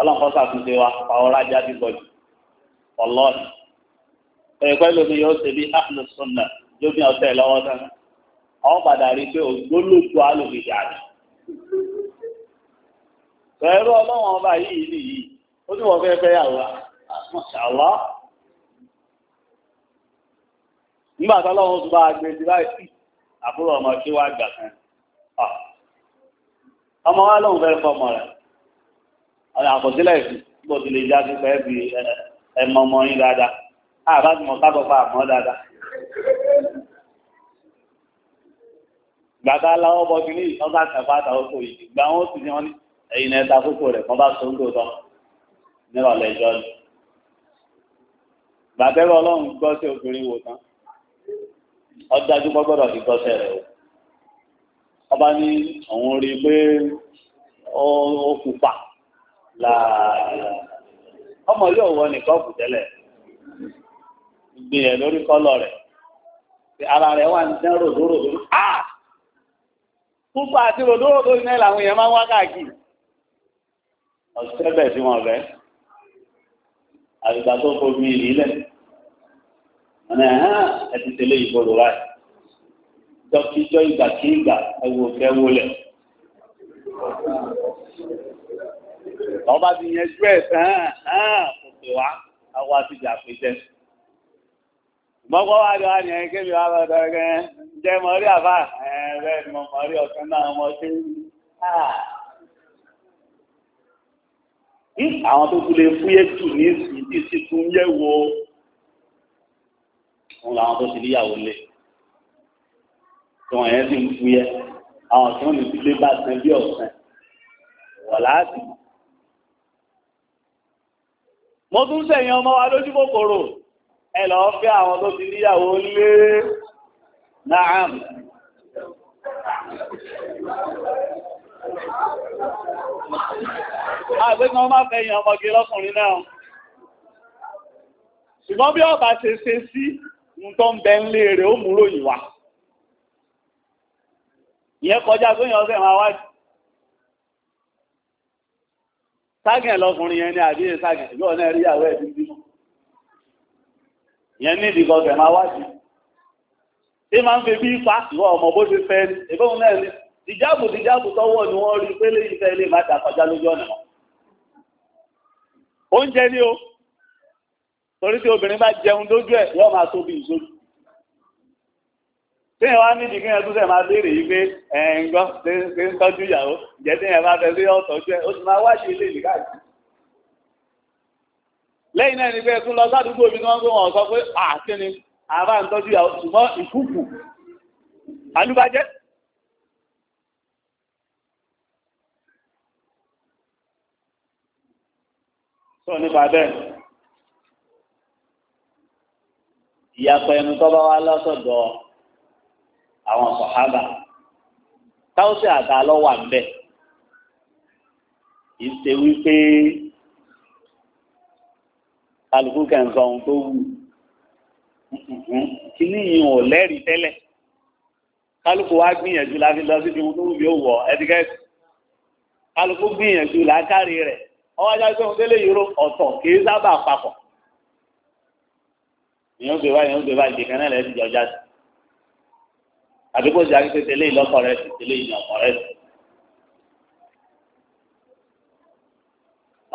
ọlọ́nkọ́sà tún ṣe wa pàwọ́ rájá bí bọ́ọ̀lù ọlọ́ọ̀nù ẹ̀kọ́ lómi yóò ṣe bí ahmed sunna lómi ọ̀sẹ̀ lọ́wọ́ tán àwọn padà rí i pé ògbólógbò alòmìnira ni. pẹ̀lú ọlọ́wọ́n ọba yìí nìyí ó ní wọ́n fẹ́ fẹ́ yàwó àmọ́ṣàlọ́. nígbà tó lọ́wọ́ tó bá a gbé ti báyìí àbúrò ọmọ tí wàá gbà kan. ọmọ wa lóun fẹ́ rẹ̀ àkọsílẹ̀ ìfì bó bí ẹ̀ àbájúmọ̀ ah, sábọ̀fà àmọ́ dáadáa. Gbàgbà aláwọ̀ bọ́ kí ní ìtọ́gbà tẹ̀fà àtàwọ́kò yìí, gbà wọ́n sì ní wọ́n ní ẹ̀yìn ẹ̀ta kókò rẹ̀ kan bá so ń dòdọ́ nírọ̀lẹ́ ìjọ ni. Bàbẹ́rẹ́ ọlọ́run gbọ́ sí obìnrin wò tán. Ọdájú gbọ́gbọ́dọ̀ ti gbọ́ sẹ́rẹ̀ o. Ọba ní òun rí pé ó pupa láàárín. Ọmọ yóò wọ nìkan kù tẹ́lẹ̀ ìgbìyànjú lórí kọ́lọ̀ rẹ̀ ara rẹ̀ wà ní dán ròdòròdò ah púpọ̀ àti ròdòròdò iná làwọn èèyàn máa ń wá káàkiri ọ̀sẹ̀ bẹ̀ sí wọn rẹ̀ àgbà tó fomi ìlílẹ̀ ọ̀nà ẹ̀hán ẹ̀tì tẹ̀lé ìgbòrò rẹ̀ jọkíjọ ìgbà kí ìgbà ẹwò kẹwò lẹ̀ ọba ti yẹn jú ẹ̀ tán hàn kò pè wá àwọn àti ìjà péjẹ́ sí mọ́kọ́ wá lọ ní ẹ̀ kébì wá lọ́dọ̀ ẹ̀ jẹ́ mọ́ rí àbá ẹ̀ bẹ́ẹ̀ ni mo mọ̀ rí ọ̀kan náà mọ́ sí i. àwọn tó kú lè fúyẹ́ tù ní ìsìnkú sí tún yẹ̀ wo òun làwọn tó ti níyàwó lé tí yẹn sì ń fúyẹ́ àwọn tí wọ́n lè bá sẹ́ bí ọ̀sẹ̀ wọ̀ láti. mo tún sẹ̀yìn ọmọ wa lójú kòkòrò ẹ lọ fẹ́ àwọn tó ti níyàwó lé naam àgbẹ́gbẹ́ wọn máa fẹ́yìn ọmọge lọ́kùnrin náà ṣùgbọ́n bí ọba ṣe ṣe sí ń tó ń bẹ ń lé rẹ̀ ó múrò ìwà ìyẹn kọjá tó yàn ọ́sẹ̀ máa wájú ságẹ̀ lọ́kùnrin yẹn ni àbí ságẹ̀ yóò náà rí àwọ̀ ẹ̀dùn bímọ ìyẹn ní ìdìgbọ́ tẹ̀ máa wájú tí máa ń fi bí ipa ìwọ ọmọ bó ṣe fẹ́ ní ìbọn náà ní ìjáàbù ìjáàbù tọwọ́ ni wọ́n rí pé léyìn fẹ́ lè má dà lójú ọ̀nà wọn. oúnjẹ ni o torí tí obìnrin bá jẹun lójú ẹ̀ yóò máa tóbi ìṣojú téèyàn wá nídìí kí ẹ tún sẹ máa béèrè yìí pé ẹ ń gbọ́ ṣe ń tọ́jú ìyàwó ǹjẹ́ téèyàn bá fẹ́ sí ọ̀tọ́jú ẹ ó sì máa wáṣẹ ilé ìdíkàjì lẹ́yìn náà ní pé ẹkún lọ sádùúgbò mi wọ́n gbọ́n ọ̀sọ́ pé àti ni àbá ń tọ́jú ìyàwó ṣùgbọ́n ìkúkù alúbàjẹ́ sọ nípa bẹ́ẹ̀ ìyàpọ̀ ẹnu tó bá wá lọ́sọ̀dọ̀ àwọn sọ̀hábà táwọn sì àtà lọ́wọ́ ń bẹ̀ ìṣe wípé kálukú kẹ́ ń sọ ohun tó wù kíní yìí ò lẹ́rìí tẹ́lẹ̀ kálukú wá gbìyànjú láti lọ síbi ohun tó wù yóò wọ̀ ẹ́tíkẹ́tì kálukú gbìyànjú làákàrí rẹ̀ ọwọ́ ajá pé ohun tẹ́lẹ̀ yìí ró ọ̀tọ̀ kìí sábà papọ̀ èèyàn gbé wá èèyàn gbé wá ìdè kan náà lẹ́sìn jọjá sí àdúgbò sí akékeré tẹ́lẹ̀ ìlọ́kọ̀ rẹ̀ sí tẹ́lẹ̀ ìyàn ọ̀kọ̀ rẹ̀ sí.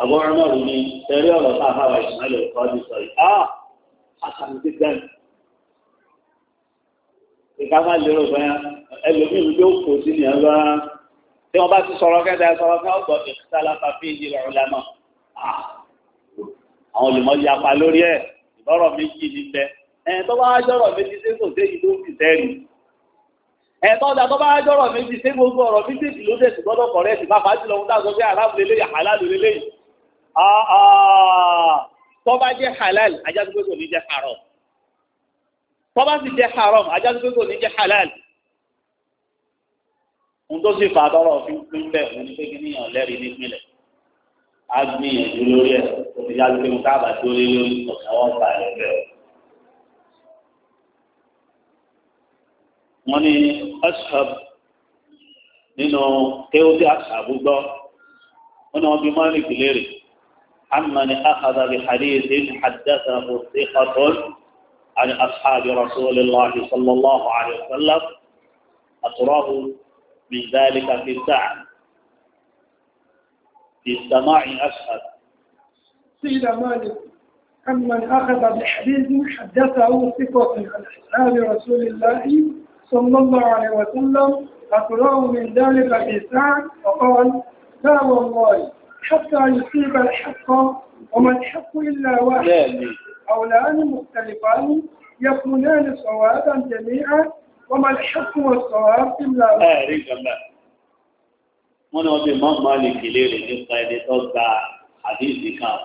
àbọ̀rọ̀ náà ní ẹ̀rí ọ̀rọ̀ tá a fà wáyé ìmọ̀lẹ̀ ọ̀kọ́ ọdún sọ yìí. ah àṣàmì ti gbẹ̀ mí. ìka máa lérò bẹ́ẹ̀ ẹlòmíì ló yóò kó sí nìyẹn bá tí wọ́n bá ti sọ̀rọ̀ kẹ́ta ẹ sọ̀rọ̀ kẹ́ ọ̀gbọ̀n ìkútàlá pàfi ìjìnlẹ̀ ọ̀la náà. Ah, àwọn olùmọ̀ yapa lórí ẹ̀ ìbọ̀rọ̀ méjì ní bẹ ẹ̀ tó bá jọ̀rọ̀ méjì sẹ́kò sẹ́yìn ló fi sẹ́rì ẹ̀ tó dà tó bá jọ̀rọ̀ méjì sẹ́kò gbọ́ ọ̀rọ̀ méjì ló dẹ̀ kọ̀rẹ́ẹ̀tì má fàájì lọ́wọ́ tá a sọ pé aráàlú tó bá jẹ́ halal ajásùgbé kò ní jẹ́ haram tó bá sì jẹ́ haram ajásùgbé kò ní jẹ́ halal ohun tó sì fà á tọrọ fi ń pín bẹ́ẹ̀ òun ni pé kí níyàn lẹ́rìí nípìnlẹ̀ á gbìyànjú lórí ẹ̀ kò sì yára pé mo káàbà tó lé lórí ọ̀sán wọn fà lẹ́fẹ̀ẹ́ wọ́n ní ashab nínú kéwọ́dé àṣàbùgbọ́ wọ́n ní wọ́n bí mọ́rin ìpìlẹ̀ rẹ̀. عمن أخذ بحديث حدثه ثقة عن أصحاب رسول الله صلى الله عليه وسلم أتراه من ذلك في الساعة في السماع أشهد سيد مالك عمن أخذ بحديث حدثه ثقة عن أصحاب رسول الله صلى الله عليه وسلم أتراه من ذلك في الساعة وقال لا والله حتى يصيب الحق وما الحق إلا واحد قولان مختلفان يكونان صوابا جميعا وما الحق والصواب إلا واحد wọ́n ní wọ́n ti mọ́ Málíkì léèrè nípa ẹni tó gba àdéhùn kan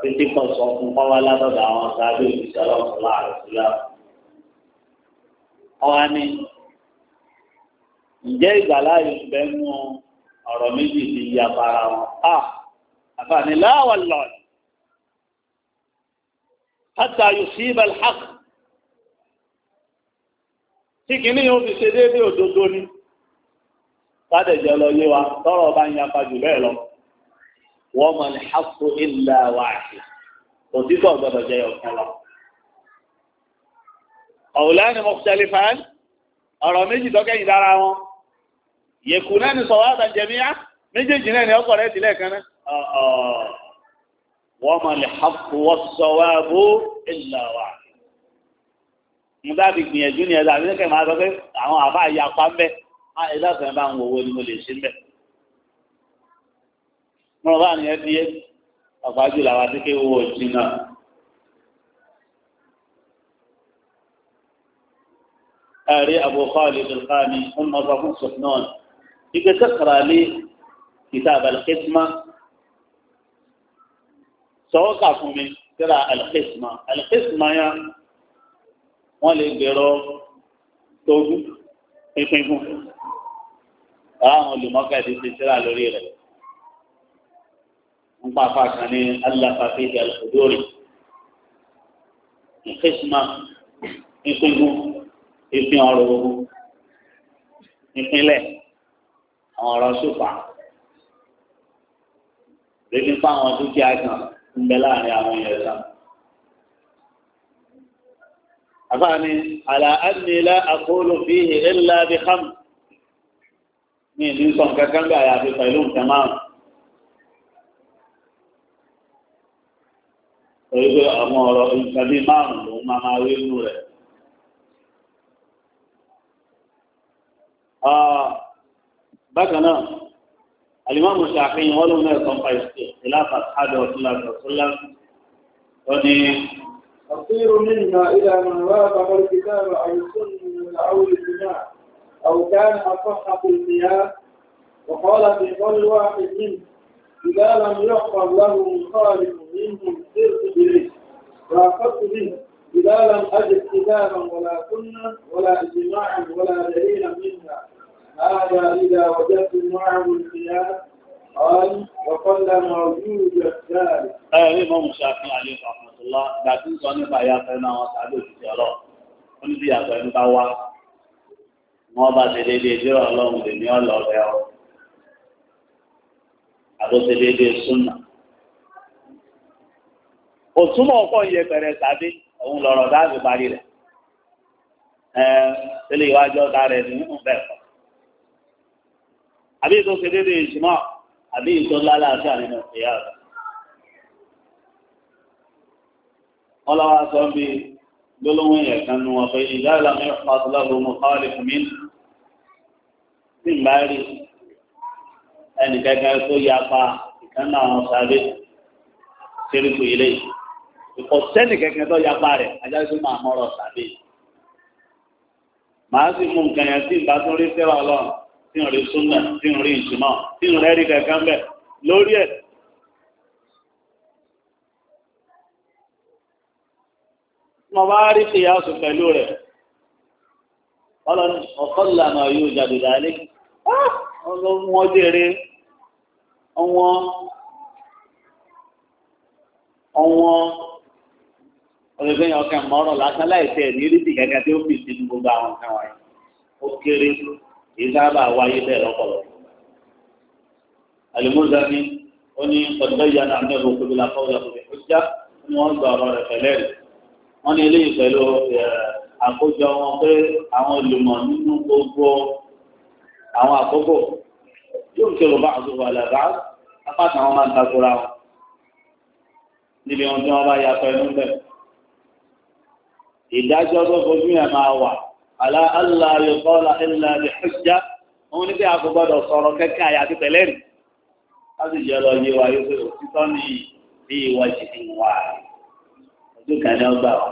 títí kan sọ fún pọ́wá látọ̀dọ̀ àwọn sáájú ìṣẹ́ ọlọ́run láàrin sílẹ̀. ọ̀hání ǹjẹ́ ìgbàláyé ń bẹ́ẹ̀ mú un ọ̀rọ̀ méjì ti ya para wọn a àfààní láwọn lọ hátà yusiba alhaq tí kìíní yóò fi ṣe déédéé òdodo ni sádẹjẹ lọ yé wa tọrọ bá ń yapa jù bẹ́ẹ̀ lọ wọn mọ ní hapò ilà wáàkì òtítọ́ gbọ́dọ̀ jẹ ọkàn lọ. ọ̀wùlẹ́ni mọ̀kútẹ́lifán ọ̀rọ̀ méjì tọ́kẹ́yìn dára wọn yẹ̀kù náà ni sọ̀rọ̀ àtàjẹmíyá méjèèjì náà ni ọkọ̀ rẹ̀ sílẹ̀ kan náà wọ́n mọ̀ lè hapò wọ́n sọ̀rọ̀ àbó ìlà wà. mo dábì gbìyànjú ni ẹ̀dá àbí kẹ̀mọ́ àtọ́ pé àwọn àbá àyà pa náà. أري أبو خالد القاني أم ظهر سفنان ike kakra lé kitab al-qisma sọwọ́ kà fún mi kíra al-qisma al-qisma yá wọ́n lè gbèrò tógún pínpín fún àwọn olùmọ́kà ti ti síra lórí rẹ̀ pa apá kan ní aláfàfíì al-quduri al-qisma pínpín fún ìpín ogun ìpínlẹ̀ àwọn ọ̀rọ̀ ṣùfà lórí fáwọn dúkìá kan ń bẹ láàrin àwọn èèyàn sá. àfààní àlà àdìnílá àkóòlù fíhì ńlá bí ham ní ìlú sọ̀n kankan bí àyàfi pẹ̀lú nǹkan márùn. torí pé àwọn ọ̀rọ̀ nǹkan bíi márùn ló máa máa wí nù rẹ̀. Ah, bákan náà alimami ṣàfihàn wọn lóun náà kàn fà ìṣe ìlàfà àdó ọ̀túnlàfà ọ̀túnlà wọn ni. أصير منا إلى من وافق الكتاب أو السنة أو الإجماع أو كان أصح في القياس وقال في قول واحد منهم إذا لم يحفظ له مخالف منهم سرت إليه وأخذت به إذا لم أجد كتابا ولا سنة ولا إجماعا ولا دليلا منها هذا إذا وجدت معه الخلاف قال وقل موجود ذلك. أي الإمام الشافعي عليه رحمة الله لكن صار نبع يقينا وسعده في الله. oníbi àgbẹ̀ ń bá wá wọn bá ṣe déédéé ìjọba ọlọ́run lè ní ọlọ́ọ̀rẹ́ ọ àbó ṣe déédéé súnà òtúmọ̀ ọkọ̀ yẹ bẹ̀rẹ̀ tàbí òun lọ́rọ̀ dáàbò parí rẹ̀ ẹ tẹ́lẹ̀ ìwájú ọ̀tá rẹ̀ ní ìmú bẹ́ẹ̀ kọ́ àbí ìtọ́ ṣe déédéé ìṣúná àbí ìtọ́ lálàáfíà nínú ìyá rẹ̀. wọ́n lọ́wọ́ sọ bí gbólóhùn yẹn kan nu wọn pé ìjà ìlànà ìfún àtúlágbó mu káwálé fún mi sì ń bá rí ẹnì kankan tó yapa ìkan náà wọn sáré sẹ́ríkù ilé ìkọ̀sẹ́nì kankan tó yapa rẹ̀ ajá sí máa mọ́rọ̀ sáré màá sì mú nǹkan yẹn sí ìbátan rí fẹ́ràn ọlọ́run tí ń rí súnà tí ń rí ìjùmọ̀ tí ń rẹ́rí kankan bẹ̀ lórí ẹ̀. mo bá rí kìyàsù pẹ̀lú rẹ̀ ọ̀kan lànà yóò jáde dálé wọ́n jèrè ọwọ́n ọwọ́n ọ̀rẹ́gbẹ́yìn ọkàn mọ́rọ̀ lásán láìsẹ̀ ní rídì gẹ́gẹ́ tí ó fi sínú gbogbo àwọn kan wáyé ó kéré tó kìí sábà wáyé bẹ́ẹ̀ lọ́pọ̀lọpọ̀. Al-Muzani ó ní ọ̀dọ́yà náà ní ọ̀rọ̀ òkúbi làkọ́ ìyàtọ̀ ní ọjà ni wọ́n gba ọ̀rọ̀ rẹ̀ pẹ̀lẹ́ rẹ̀. Wọ́n ní eléyìí pẹ̀lú àkójọ wọn pé àwọn olùmọ̀ nínú gbogbo àwọn àkókò yóò ṣe rò bá àdúgbò apá táwọn máa ń takora wọn. Níbi wọn tí wọ́n bá yàtọ̀ ẹnu bẹ̀. Ìdájọ́ tó fojú yẹn máa wà ala ala yọ̀kọ́lá ẹ̀là ní ọjà wọn sọ̀rọ̀ kẹ́kẹ́ àyàfi pẹ̀lẹ́ rí láti jẹ́ lọ yé yóò fẹ́ òtítọ́ ní bí ìwà jìnnì ọgbà wa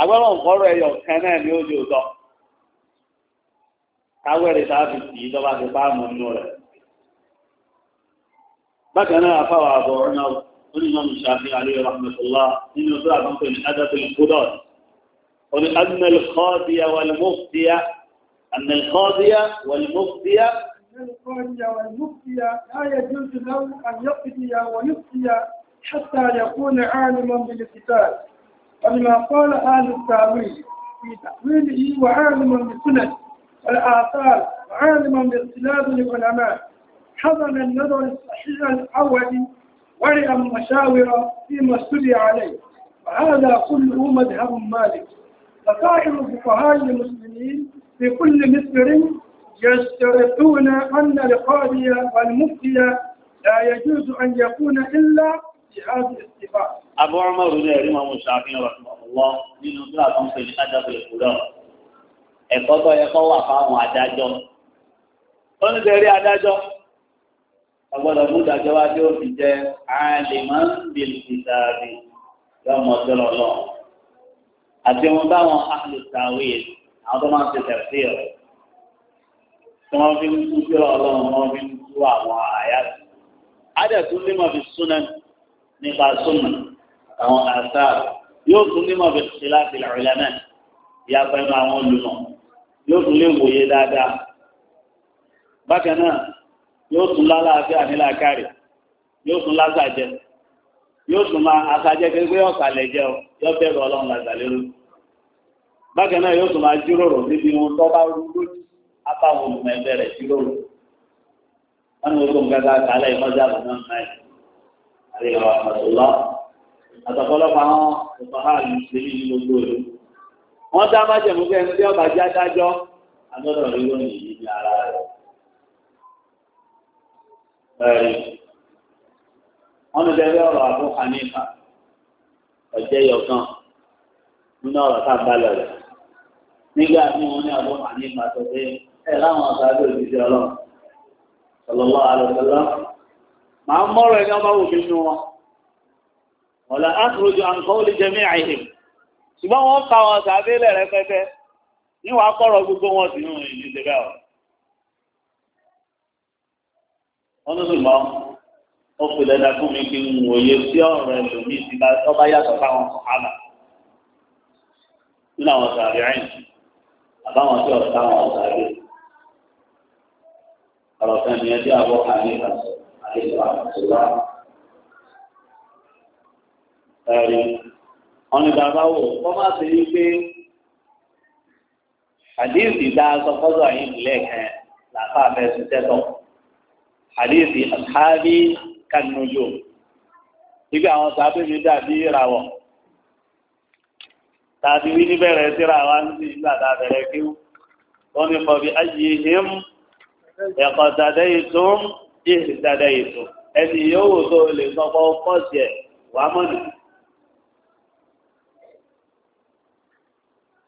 àwọn èèyàn onímọ̀ الشافعي عليه رحمة الله إن àwọn pẹ̀lú adájọ́ ìkúdọ̀ oní أن القاضي والمفتي أن القاضي والمفتي لا يجوز له أن يقضي ويفتي حتى يكون عالما بالكتاب ولما قال أهل التأويل في تأويله وعالما بالسنن والآثار وعالما باختلاف العلماء حضر النظر الصحيح الأول ورئ المشاور فيما استدي عليه وهذا كله مذهب مالك فصائر الفقهاء المسلمين في كل مصر يشترطون أن القاضي والمفتي لا يجوز أن يكون إلا بهذه الصفات. أبو عمر بن الإمام الشافعي رحمه الله من نزلة خمسة لأدب القضاء ẹ̀kọ́ tó yẹ kọ́ wà fáwọn adájọ́ ó ń adájọ́ ọgbọ́dọ̀ mú dájọ́ wá tí ó fi jẹ́ àlèmọ́ bìlìkìtàbí lọ́mọ tọ́lọ̀ lọ. àti wọn báwọn àlùtàwé àwọn tó máa ń ṣe tẹ̀sí rẹ̀ tí wọ́n fi ń kú tọ́lọ̀ ọlọ́run wọ́n fi ń kú àwọn àyà. adẹ̀tú nímọ̀ fi súnà nípa súnà àwọn àṣà yóò tún nímọ̀ fi ṣe láti ìlànà náà ìyá pẹ̀lú àwọn olùmọ̀ yóò tún lè wòye dáadáa. bákan náà yóò tún lálàáfíà nílàákàrè yóò tún lásàjẹ yóò tún máa àsàjẹ gbégbé ọ̀sàlẹ̀ jẹ ọ yóò bẹ̀rù ọlọ́run làgbàlérò bákan náà yóò tún máa jíròrò níbi ohun tó bá rú lójú abáwọn olùmọ̀ ẹgbẹ́ rẹ̀ jíròrò wọn ni gbogbo nǹkan kan kálẹ̀ ìmọ̀já àbọ̀ náà náà àlè ìwà àtọ̀lá àtọ̀pọ̀lọpọ̀ àwọn ìfọ̀há àlùsílẹ̀ ní gbogbo ìlú wọn dá májèmú pé ẹni tí ọba jẹ́ adájọ́ àtọ́dọ̀ rí lónìí ní ara rẹ̀ ẹ̀rí wọ́n ti dẹ́gbẹ́ ọ̀rọ̀ Abu Hanifa ọ̀jẹ́ yọ̀kan nínú ọ̀rọ̀ tá a bá lọ rẹ̀ nígbà tí wọ́n ní Abu Hanifa sọ pé ẹ̀ láwọn ọ̀sáájú òjijì ọlọ́run sallallahu alaihi wasallam máa ń mọ́rọ̀ ẹni ọba wò nínú wọn wọ́n la ákùrọ̀jù àǹkọ́ọ̀lì jẹ́mí àìhìn ṣùgbọ́n wọ́n ka wọn sàbílẹ̀ rẹpẹtẹ níwàá kọ́rọ̀ gbogbo wọn sì ń rìn ní wọ́n tó sì mọ́ ó fi lẹ́dà fún mi kí n wòye sí ọ̀rọ̀ ẹlòmíì sí ọba yàtọ̀ fáwọn sọ̀hánà nínú àwọn sàárẹ̀ àyìn àbáwọn tí ọ̀sán àwọn sàárẹ̀ ọ̀rọ̀ kan ní ẹjọ́ àbọ̀ àyè àyè àtúwà ẹ̀rí wọn ni bàbá wò wọ́n má ṣe yí pé àdéhùn ìdá sọfọ́sọ yìí lẹ́ẹ̀kan làbá bẹ́ẹ̀ ṣiṣẹ́ tọ̀ àdéhìsì àtàbí kanujo ibi àwọn sábẹ́ mi dàbí ìràwọ̀ tàbí wí níbẹ̀rẹ̀ síra wa ń sì gbà dábẹ̀rẹ̀ kí wọ́n ní kọ́ bí ayé him ẹ̀kọ́ dàdẹ́ ètò ìhì dàdẹ́ ètò ẹni yóò tó lè sọ́kọ́ pọ́sì ẹ̀ wà mọ́nà.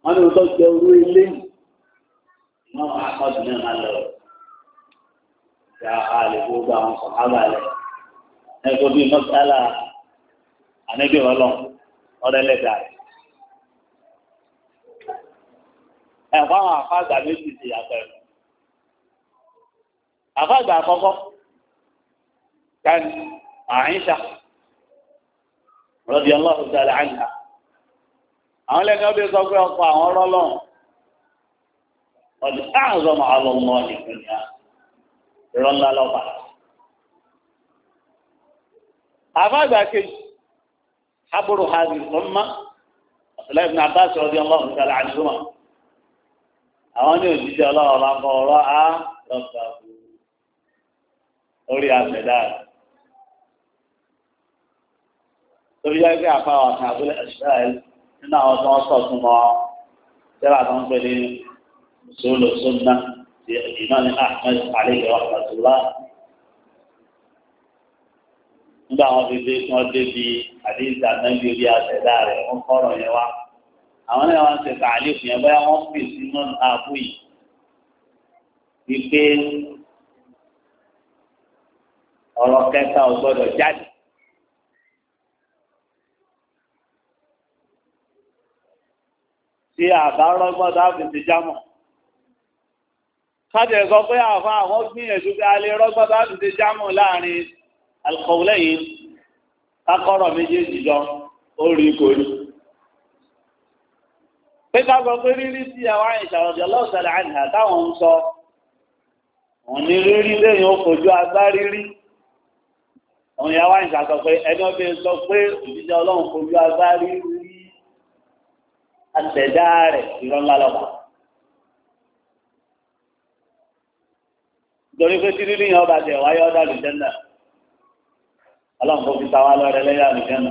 wọ́n ní wọ́n tó jẹ́ orú ilé ìmọ̀ àkọ́sí náà lọ tí e, a lè gbogbo àwọn sọ̀hábà rẹ̀. ẹ̀kọ́ bíi mọ́sálà ànábì ọlọ́run ọ̀rẹ́lẹ́dà rẹ̀. ẹ̀kọ́ àwọn àfáàgbà méjì ti yàtọ̀ ẹ̀. àfáàgbà àkọ́kọ́ kan Àìṣà radiyallahu ta'ala anha. àwọn lẹ́nu ọdún sọ pé ọkọ̀ àwọn rọ́lọ́run ọdún táàzọ̀ màá lọ́mọ́ ìpínlẹ̀ àti irọ́ ńlá lọ́ba. àbáàgbà kejì haburu hazi umma abdullahi ibn abbas radiyallahu ta'ala anhuma àwọn ní òjijì ọlọ́run bá kọ ọ̀rọ̀ á lọ́gbà orí àtẹ̀dá rẹ̀. torí yá gbé àpáwọ̀ àti àbúlé ẹ̀ṣẹ́ nínú àwọn tó ń sọ̀tún mọ́ tẹ́lá tó ń pè ní mùsùlùmí ti أحمد عليه alayhi rahmatullah nígbà wọn fi dé tí wọn débi àdéhùn ànábi orí àtẹ̀dá rẹ̀ wọn kọ́rọ̀ yẹn wá àwọn náà wọn ṣe tààlé fún yẹn bóyá wọn fi sínú ààbò yìí wípé ọ̀rọ̀ kẹta ò gbọ́dọ̀ jáde. tí àbá rọ́gbọ́n dáàbò kájẹ sọ pé àfa àwọn gbìyànjú pé a lè rọgbọn bá ti ṣe jámù láàrin alkọwulẹ yìí kakọrọ méjèèjì jọ ó rí korí. pé ká sọ pé rírí sí àwọn àìsàn ọ̀dọ̀ lọ́sàlẹ̀ àìsàn táwọn ń sọ òun ni rírí lẹ́yìn ó fojú òun yà wá ń sàkọ pé ẹni ọbẹ̀ sọ pé òjijì ọlọ́run fojú agbárí rí àtẹ̀dá rẹ̀ ìrọ̀lá torí pé tí nínú yẹn ọba jẹ wáyé ọdá àlùjẹ́nà ọlọ́run kò fi ta wá lọ́rẹ lẹ́yìn àlùjẹ́nà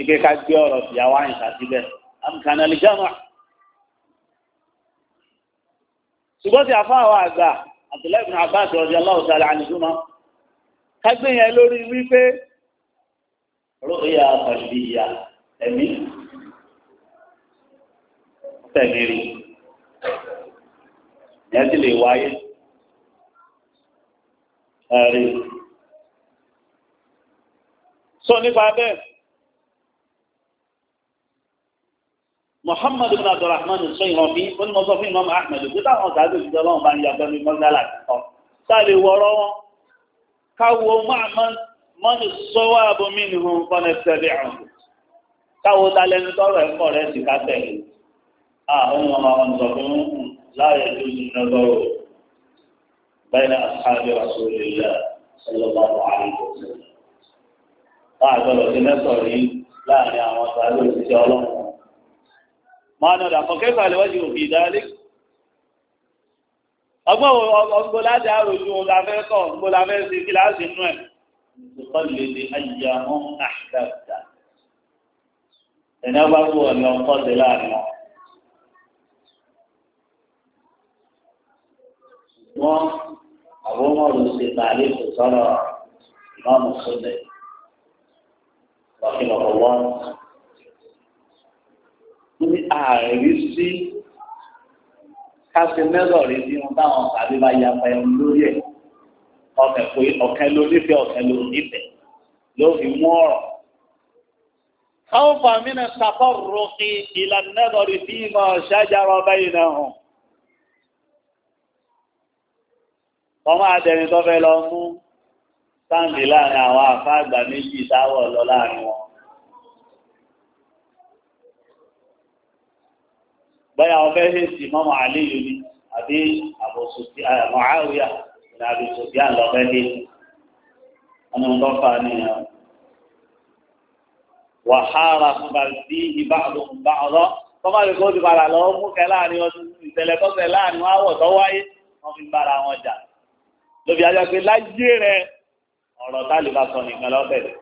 ike ká gbé ọ̀rọ̀ tìyàwó àyìnká síbẹ̀ àmìkànnà àlùjẹ́nà ṣùgbọ́n tí a fún àwọn àgbà Abdullahi ibn Abbas radiyallahu ta'ala anhuma ká gbé yẹn lórí wípé rúkìá pàṣípìyà ẹ̀mí tẹ̀mí rí yẹn sì lè wáyé ẹ̀rí. sọ nípa bẹ́ẹ̀ Muhammad ibn Abdulrahman ṣèyàn bí wọ́n ní mo sọ fún Imam Ahmed pé táwọn ọ̀gáàgbé ìjọba ọlọ́run bá ń ya ọgbẹ́ mi mọ́ńdálà kan sáà lè wọ̀rọ̀ wọn káwo mọ́ni sọ́wọ́ abomi ni wọn ṣẹlẹ̀ ọ̀hún káwo ta tọrọ ẹ̀kọ́ rẹ̀ sì ká tẹ̀lé. àwọn ọmọ ọmọ sọ fún لا يجوز النظر بين أصحاب رسول الله صلى الله عليه وسلم بعد الذين صاروا لا يعلم صاروا الله ما نرى فكيف على الوجه في ذلك أبو أبو أبو لا جاهل جو لامسك أبو لامسك كلا سنوين تقلد أيام أحدث أنا بقول أن أقول لا يعلم ṣùgbọ́n àwọn ọmọ rẹ̀ ṣe tààlé kò sọ̀rọ̀ ìmáàmù sọ̀lẹ̀ wàkí lọ́kọ̀ wọ́n. wọ́n ní ààrẹ rí sí káṣí mẹ́rọ̀ rí sí wọn táwọn tàbí bá ya pa ẹnu lórí ẹ̀ ọkẹ́ pé ọ̀kẹ́ ló nífẹ̀ẹ́ ọ̀kẹ́ ló nífẹ̀ẹ́ ló fi mú ọ̀rọ̀. خوفا من التفرق إلى النظر فيما شجر بينهم wọ́n máa dẹni tó fẹ́ lọ mú sáǹdì láàrin àwọn àfáàgbà méjì táwọ̀ lọ láàrin wọn. báyà wọ́n fẹ́ hèsì mọ́mọ́ àlíyù ni àbí Muawiya ní Abi Sufyan lọ́fẹ́ dé ọ̀nà ń lọ́fà nìyẹn. wàhálà fún bàbí ìbáàdùn báàdọ́ tọ́mọ́ ìkó ti padà lọ mú kẹ láàrin ọdún ìṣẹ̀lẹ̀ tọ́sẹ̀ láàrin wọn àwọ̀ tó wáyé wọ́n fi bára wọn jà lóbi ajá pé láyé rẹ ọ̀rọ̀ tá lè bá sọ nìkan lọ́bẹ̀ rẹ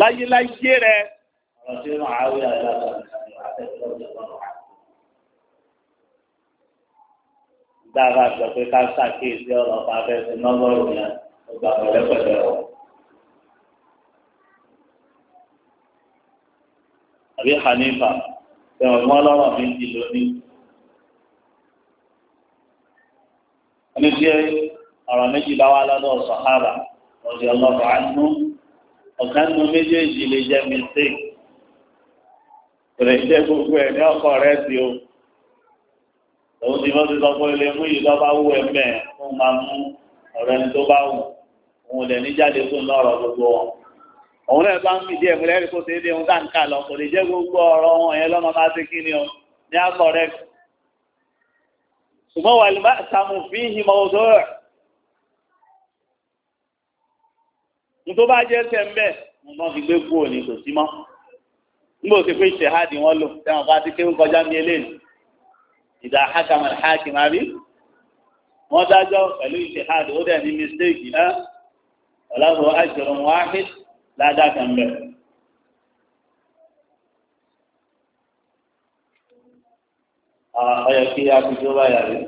láyé láyé rẹ ọ̀rọ̀ tí wọ́n á wí àyà sọ dára gbọ́ pé ká ṣàkíyèsí ọ̀rọ̀ bá fẹ́ sí nọ́mbọ̀rù yẹn gbà pẹ̀lẹ́pẹ̀lẹ́ o. àbí hanifa tẹ̀wọ̀n mọ́ lọ́rọ̀ méjì lónìí. ẹni tí ọ̀rọ̀ méjì bá wá lọ́dọ̀ sọ̀hábà ọ̀dì ọlọ́pàá àánú ọ̀kan nu méjèèjì lè jẹ́ mistake rẹ̀ jẹ́ gbogbo ẹ̀ ní ọkọ̀ rẹ̀ sí o òun ti fọ́n ti sọ pé ilé mú ìlú ọba wú ẹ̀mẹ́ fún máa mú ọ̀rẹ́ ní tó bá wù òun lẹ̀ ní jáde fún lọ́rọ̀ gbogbo wọn òun náà bá ń fìdí ẹ̀mú lẹ́rìí kó ṣe é dé ohun tá lọ kò lè jẹ́ gbogbo ọ̀rọ̀ wọn yẹn lọ́mọ máa ṣe kí ni o ní akọ̀ ṣùgbọ́n wàlúmọ́ sàmùfín ìmọ̀ òdòrò tó bá jẹ́ sẹ́ mbẹ́ nǹkan ti gbé kúrò ní tòsí mọ́ nígbà òsè pé ìṣèhádìí wọn lò tẹ̀wọ̀n bá ti kéwù kọjá ní eléyìí ìdá hákàmọ̀ hákìmá rí wọ́n dájọ́ pẹ̀lú ìṣèhádìí ó dẹ̀ ní mistake náà ọ̀làbọ̀ àjọrùn wáhid ládàá kan bẹ̀. ọ̀yọ̀ kí a fi tó báyà rí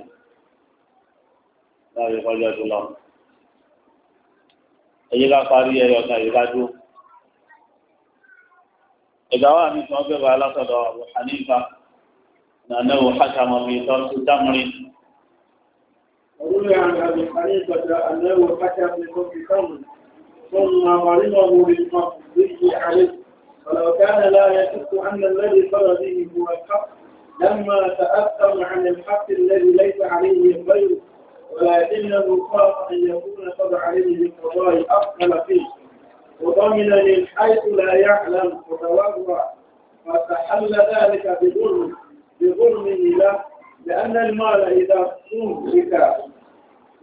láàrin kọjá tó lọ. ẹ̀yẹ́ bá parí ẹ̀yọ̀ ọ̀gá yìí bá dó. ẹ̀gbà wà ní ìtàn ọgbẹ̀wà alásọ̀dọ̀ Abu Hanifa nànà wò hákàmọ̀ fi tọ́ sí dámúrí. ọ̀rúnlẹ̀ àgbà Abu Hanifa nànà wò hákàmọ̀ fi tọ́ sí dámúrí. ولو كان لا يشك أن الذي قال به هو الحق لما تأثر عن الحق الذي ليس عليه غيره ولكنه خاف أن يكون قد عليه بالقضاء أقبل فيه وضمن من حيث لا يعلم وتوضأ فتحل ذلك بظلم بظلمه له لأن المال إذا بك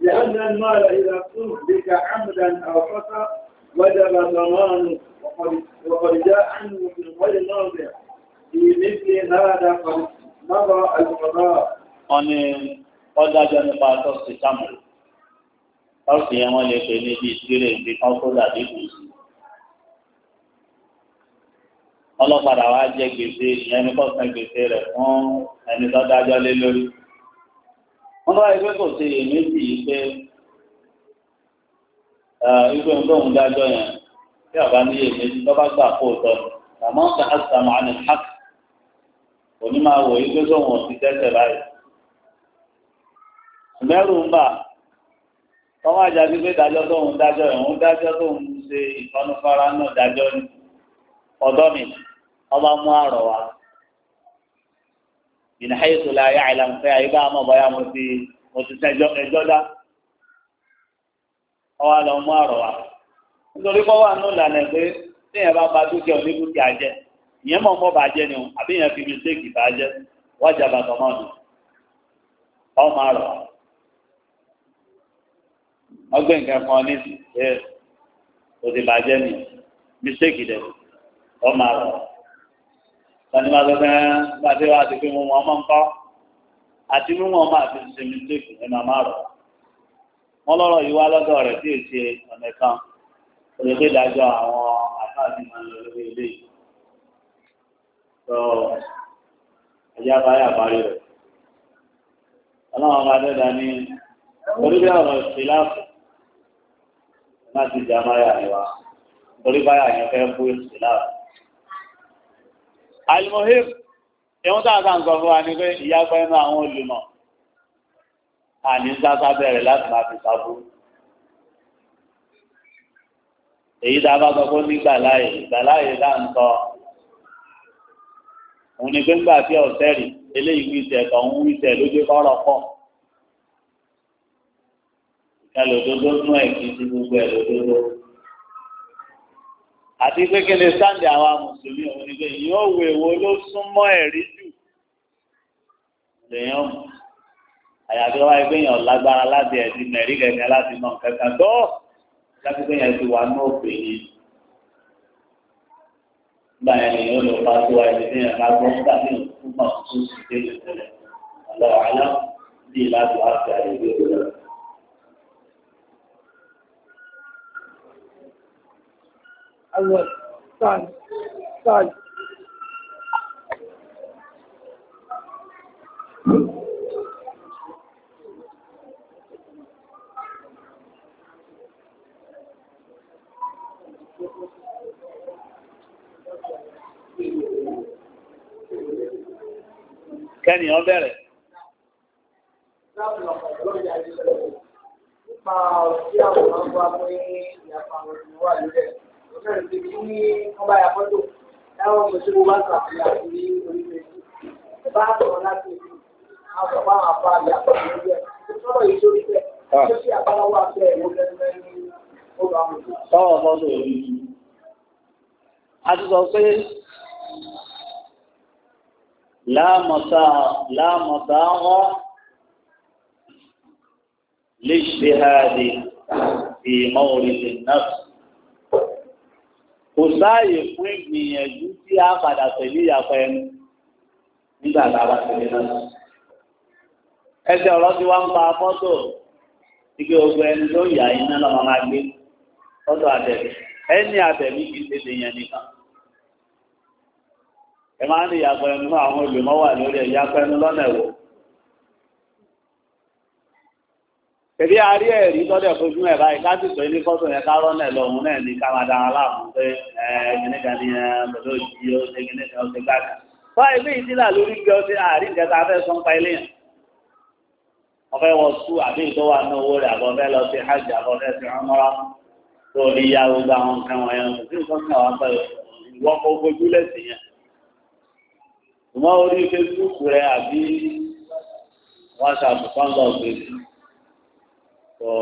لأن المال إذا بك عمدا أو خطأ وجب ضمانه وقد جاء عنه في غير ناظر في مثل هذا قد مضى القضاء. ọdájọ́ nípa tọ́sí sámúlò tọ́sí yẹn wọ́n lè pè ní bíi tíré ìdí kan tó dàbí kùsù. ọlọ́padà wa jẹ́ gbèsè ìyẹn ní kọ́ san gbèsè rẹ̀ fún ẹni tó dájọ́ lé lórí. wọ́n bá ẹgbẹ́ kò ṣe èméjì yìí pé irú ẹni tó ń dájọ́ yẹn bí ọba ní èméjì tó bá gbà kó tọ́ àmọ́ ká àṣà máa ní hàk òní máa ti tẹ́tẹ̀ báyìí. lẹ́rù ń bà tọ́wọ́ àjàdí pé dájọ́ tó ń dájọ́ ìhun dájọ́ tó ń náà dájọ́ ni ọ̀dọ́ mi ọba mú àrọ̀ wa ìnáyé tó la yá àìlànà fẹ́ àyíká àmọ́ bọ́yá mo ti mo ti sẹ́ ẹjọ́ dá ọwọ́ mú àrọ̀ wa nítorí lànà pé téèyàn bá ba dúkìá jẹ ìyẹn mọ̀ mọ́ o àbí ìyẹn fi mistake bàjẹ́ ọgbẹ́ nǹkan kan ní ẹ òdì bàjẹ́ ni mistake dẹ̀ ọmọ àrọ̀ tani máa sọ fẹ́ẹ́ gbàdé wa àti pé mo mọ ọmọ nǹkan àti mímú ọmọ àti ṣe mistake ẹ máa má rọ̀ wọ́n lọ́rọ̀ yìí wá lọ́dọ̀ rẹ̀ sí èsì ọ̀nà kan olùgbé dájọ́ àwọn àtàdé máa ń lọ lórí ilé yìí tó ẹ̀yà báyà parí rẹ̀ ọlọ́run bá dẹ́dá ní orí bí ọ̀rọ̀ ìṣèlú àfọ̀ láti jà máyà rẹ̀ wá torí báyà yẹn fẹ́ kú èsì láàrú. alimohim ìwọ́n tá a sàn sọ fún wa ni pé ìyá pẹ́ẹ́nu àwọn olùmọ̀ àní sáta bẹ̀rẹ̀ láti máa fi sábú. èyí tá a bá sọ fún ní gbàláyè gbàláyè là ń sọ òun ni pé ńgbà tí ọ̀sẹ̀ rí eléyìí wí tẹ̀ tọ̀ ń wí tẹ̀ lójú kọ́rọ̀ pọ̀ kálọ̀ òdodo nú ẹ̀ kí ti gbogbo ẹ̀ lòdodo. àti pé kí ni sáǹdì àwa mùsùlùmí òun ni pé ìyẹn òwò èwo ló súnmọ́ ẹ̀rí jù lèèyàn àyàfi wá ẹgbẹ́ yẹn lágbára láti ẹ̀sìn mẹ̀rí kẹ̀kẹ́ láti mọ kẹ̀kẹ́ tó láti pé yẹn ti wà ní òfin yìí. nígbà yẹn lèèyàn lò bá tó wa ẹni tí yẹn bá gbọ́ nígbà tí yẹn kú mọ̀ tó sì dé lè tẹ̀lé ọ̀lọ́ bí láti wá àyè I الثاني الثالث kẹ́ni ó sọ̀rọ̀ pé kí ní ọba àkọ́tò táwọn ọmọ ìṣòro bá sọ àfihàn àti ní orílẹ̀-èdè bá sọ̀rọ̀ láti ìlú àwọn ọba àwọn afọ àbí àkọ́tò lórí ẹ̀ ó sọ̀rọ̀ yìí sórí bẹ́ẹ̀ tó ṣe àbáwọ̀ abẹ́ lè ṣe ha ìmọ̀ orílẹ̀ náà kò sáàyè fún ìgbìyànjú tí a padà pẹ̀lú ìyàpọ̀ ẹnu nígbà tá a bá tẹ̀lé náà. ẹsẹ̀ ọ̀rọ̀ ti wá ń pa fọ́tò ike ogun ẹni tó yà iná lọ́mọ máa gbé fọ́tò àtẹ̀lé ẹni àtẹ̀lé kì í ṣe tèèyàn nìkan. ẹ máa ń ní ìyàpọ̀ ẹnu fún àwọn olùmọ́wà lórí ẹ̀yà pẹ́nu lọ́nà ẹ̀wọ̀. tẹ̀lé àárí ẹ̀rí tọ́lẹ̀ fojú ẹ̀ báyìí láti sọ ilé fọ́tò yẹn ká rọ́nà lọ́hùn náà ní ká máa dára láàmú pé ẹ̀ẹ́dínlẹ́gà ni pẹ̀lú òjì ó ṣe kíní kan ṣe gbà kan. fọ́ ilé ìdílà lórí bí ọtí àárí ìjẹta fẹ́ sọ ń pa ilé yẹn. wọ́n fẹ́ wọ sùn àbí ìtọ́ wà ní owó rẹ̀ àbọ̀ fẹ́ lọ sí hajj àbọ̀ fẹ́ sí ọmọrá tó ní ya gbogbo àwọn nǹkan wọ̀nyẹn. ìwọ́n kò sọ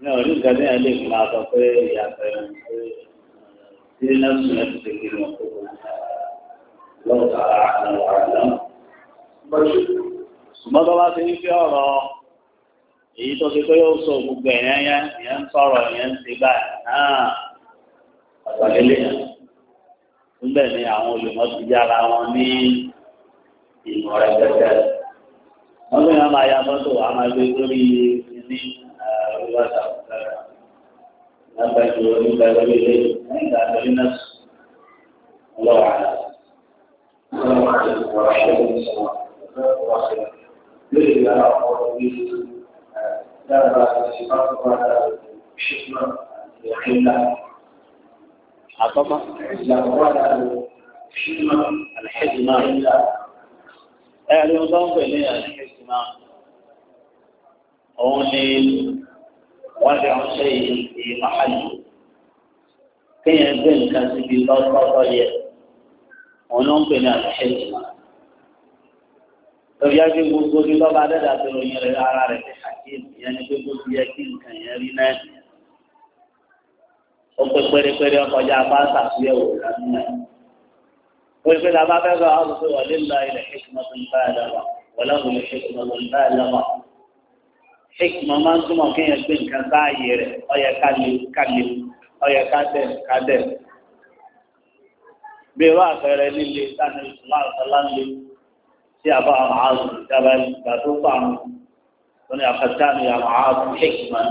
ní orí nǹkan ní ẹ̀ lè fi máa sọ pé ìyàtọ̀ ẹ̀ pé tí eh, náà sùn ẹ̀ ṣe kiri wọn kó kó eh, àwọn ọ̀rọ̀ ṣùgbọ́n tó bá ti ń fi ọ̀rọ̀ èyí tó ṣe pé yóò sọ gbogbo yẹn ìyẹn ń sọ̀rọ̀ ìyẹn ni àwọn olùmọ̀ ti wọn ní ìmọ̀ rẹ̀ wọ́n ya fọ́tò lórí ní àríwá sàkúrà lágbàjọ nígbà lórí ilé nígbà lórí náà ọlọ́wà ọlọ́wà ìwà ṣẹ́gun sọ̀rọ̀ ọlọ́wà ṣẹ́gun lórí ìlà ọ̀pọ̀ orí dáadáa àti ìfàkùnfà ṣẹ́gun àti ìhìnlá. عطبة لا ولا حلمة الحزمة إلا أهل وضوء إليها الحزمة òun ni wọ́n lè ránṣẹ́ yìí màhálì kéèyàn gbé nǹkan síbi lọ́sọ́tọ́ yẹ òun ló ń pè ní àṣẹ ìmọ̀ lórí ẹgbẹ́ gbogbo ní lọ́ba dẹ́dà tó ròyìn rẹ̀ ara rẹ̀ ní hakim ìyẹn ní gbogbo ti yẹ kí nǹkan yẹn rí náà ó pé pérépéré ọkọjá bá ṣàtúnyẹ̀wò lánàá náà ó pé làbá fẹ́ sọ àwọn olùsọ̀rọ̀ lè la ilẹ̀ ṣẹ́kùnmọ́tò ń bá ẹ̀ lọ́wọ́ wọ́n hikma máa ń túmọ̀ kéèyàn gbé nǹkan sáàyè rẹ̀ ọyẹ kálí kálí ọyẹ kádẹ kádẹ. bí irú àpẹẹrẹ líle sani ìsúláàrú sáláńlé tí a bá àwọn àrùn ìjábá ìgbà tó pa àrùn tó ní àfẹ́tàmì àwọn àrùn hikma.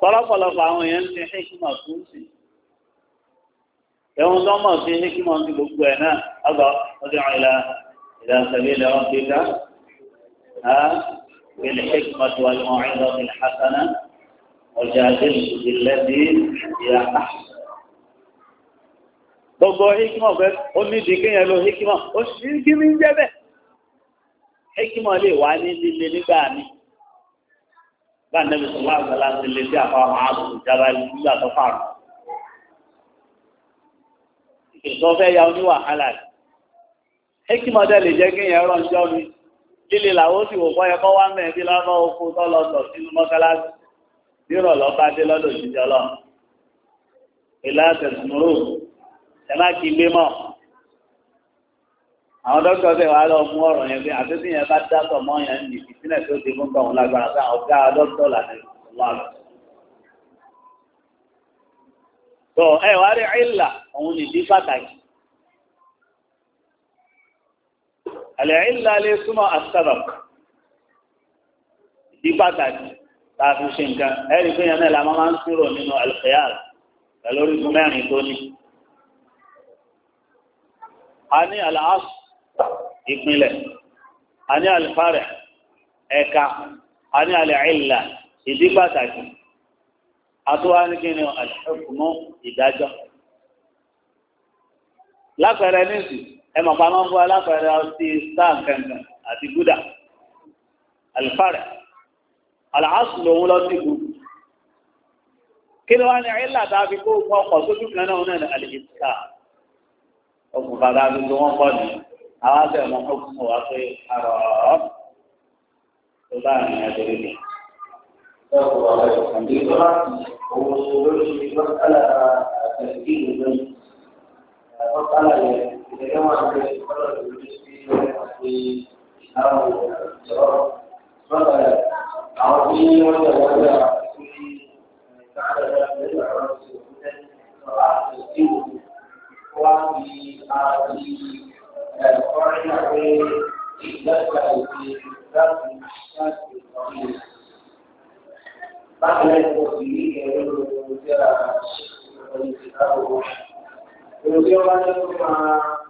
pọ̀lọpọ̀lọpọ̀ àwọn èèyàn ti hikma fún sí. ẹ̀wọ̀n tó mọ̀ sí hikma ti gbogbo ẹ̀ náà ọgbà ọdún ìlà ìlà sẹ̀lẹ̀ ìlà بالحكمة والموعظة الحسنة وجادله بالتي هي أحسن gbogbo hikima bẹ ó ní dìgbé yẹn ló hikima ó sì kí ní jẹ bẹ hikima lè wá ní líle nígbà ní bá nẹbi sọlá àgbàlá ti lè sí àfahàn àbùkù jábá nígbà tó fàrọ ìṣòfẹ ya oníwàhálà hikima dẹ lè jẹ kí yẹn rọ ń jọ mi líle làwọn sì wò fọyẹ kọ́ wá mẹ́ẹ̀ẹ́dí lọ́wọ́ oko tọ́lọ́tọ̀ sínú mọ́sálásí nírọ̀ lọ́ba dé lọ́dọ̀ òṣìṣẹ́ lọ. ìlà tẹ̀sùmúrò ẹ má kí gbé mọ́. àwọn dókítà bẹ̀ wá lọ fún ọ̀rọ̀ yẹn pé àtúntì yẹn bá dátọ̀ mọ́ yẹn ní ìpínlẹ̀ tó ti fún tọ̀hún lágbára sáà ọ̀gá dókítà làdé wà lọ. tó ẹ wá rí ìlà òun nìdí pàtàkì àlẹ́ìlà lè súnmọ́ àṣàbàk ìdí pàtàkì tààfi ṣe nǹkan ẹ̀rí pé yẹn náà la máa ń sírò nínú alfẹ́yàl pẹ̀lú orígun mẹ́rin tó ní. a ní al'as ìpínlẹ̀ a ní alfarẹ̀ ẹ̀ka a ní àlẹ́ìlà ìdí pàtàkì àtúwá ní kí ni alhukmu ìdájọ́ lápẹẹrẹ nísìsiyìí ẹ mọ̀ pamọ́ fún alápẹ̀rẹ̀ ọtí sáà kẹ̀kẹ́ àti gúdà alifárẹ̀ aláàsùn lòun lọ sí gbogbo kí ló wá ní ilà tàbí kó kọ́ ọkọ̀ sójú kan náà náà ní alìkìtà ọkùn bàbá gbogbo wọn pọ̀ ní àwọn àti ẹ̀mọ́ ọkùn wà pé àrọ̀ tó bá ní ẹgbẹ́ rẹ̀. Ọ̀pọ̀ àwọn ọ̀sán Tenemos a los que Thank you.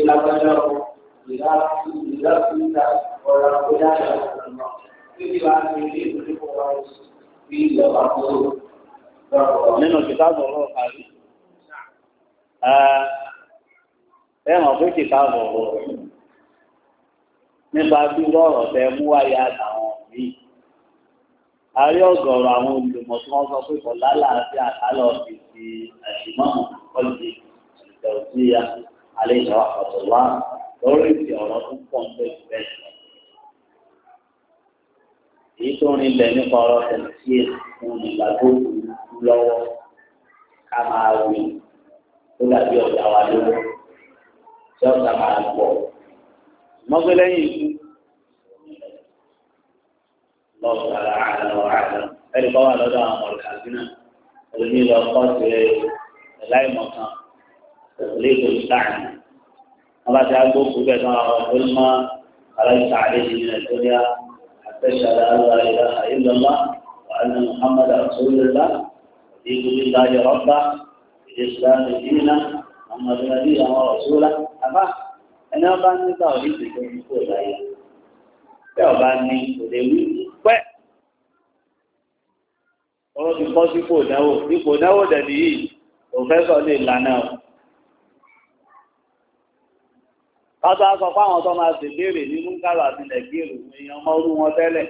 ìlàgbájá o ìlà ìlà ìlà ọ̀rọ̀ àkójá ìlànà níbi wàá ní ilé ìdókòwò wa bí ìjọba kúrò. nínú kìtàbù ọlọ́run kárí ẹ mọ̀ pé kìtàbù ọlọ́run nípa bí lọ́rọ̀ tẹ mú wáyé àtàwọn míì àrí ọ̀gọ̀rọ̀ àwọn olùmọ̀ tí wọ́n sọ pé kọ̀ lálàáfíà kálọ̀ fi ti àṣìmọ́ ọ̀lẹ́ ìjọba عليه رحمة الله lórí ti ọ̀rọ̀ tó pọ̀ ń bẹ̀ bẹ́ẹ̀ lọ. èyí tó ń rinlẹ̀ nípa ọ̀rọ̀ tẹ̀lifíè fún ìgbàgbọ́ òkú lọ́wọ́ ká máa wí tó dàbí ọ̀gá wa lówó tí ọ̀gá máa gbọ́. mọ́gbẹ́lẹ́yìn ikú lọ́wọ́ sàrà àlọ́ àlọ́ ẹ̀rí bá wà lọ́dọ̀ àwọn ọ̀rẹ́kàbí náà ẹ̀rí lọ kọ́ sí ẹ̀ láìmọ̀kan òkú lè tó ń sáà aláṣẹ agbókù bẹ́ẹ̀ náà ọ̀dọ́lùmọ́ aláṣẹ àlejò ní nàìjíríà àtẹ̀ṣẹ̀ aláṣẹ àyẹ̀lọ́lá وأن محمد رسول الله دين الله ربا الإسلام دينا محمد نبيا ورسولا أما أنا بان توحيد كل شيء yóò bá ní òde wí pẹ́ ọ̀rọ̀ ti kọ́ sípò náwó ipò náwó dẹ̀bi yìí òfẹ́sọ̀ lè lànà o. Bàtà sọ fáwọn tó máa sì léèrè ní Múkàrà àti Nàìjíríà èèyàn mọ orú wọn tẹ́lẹ̀.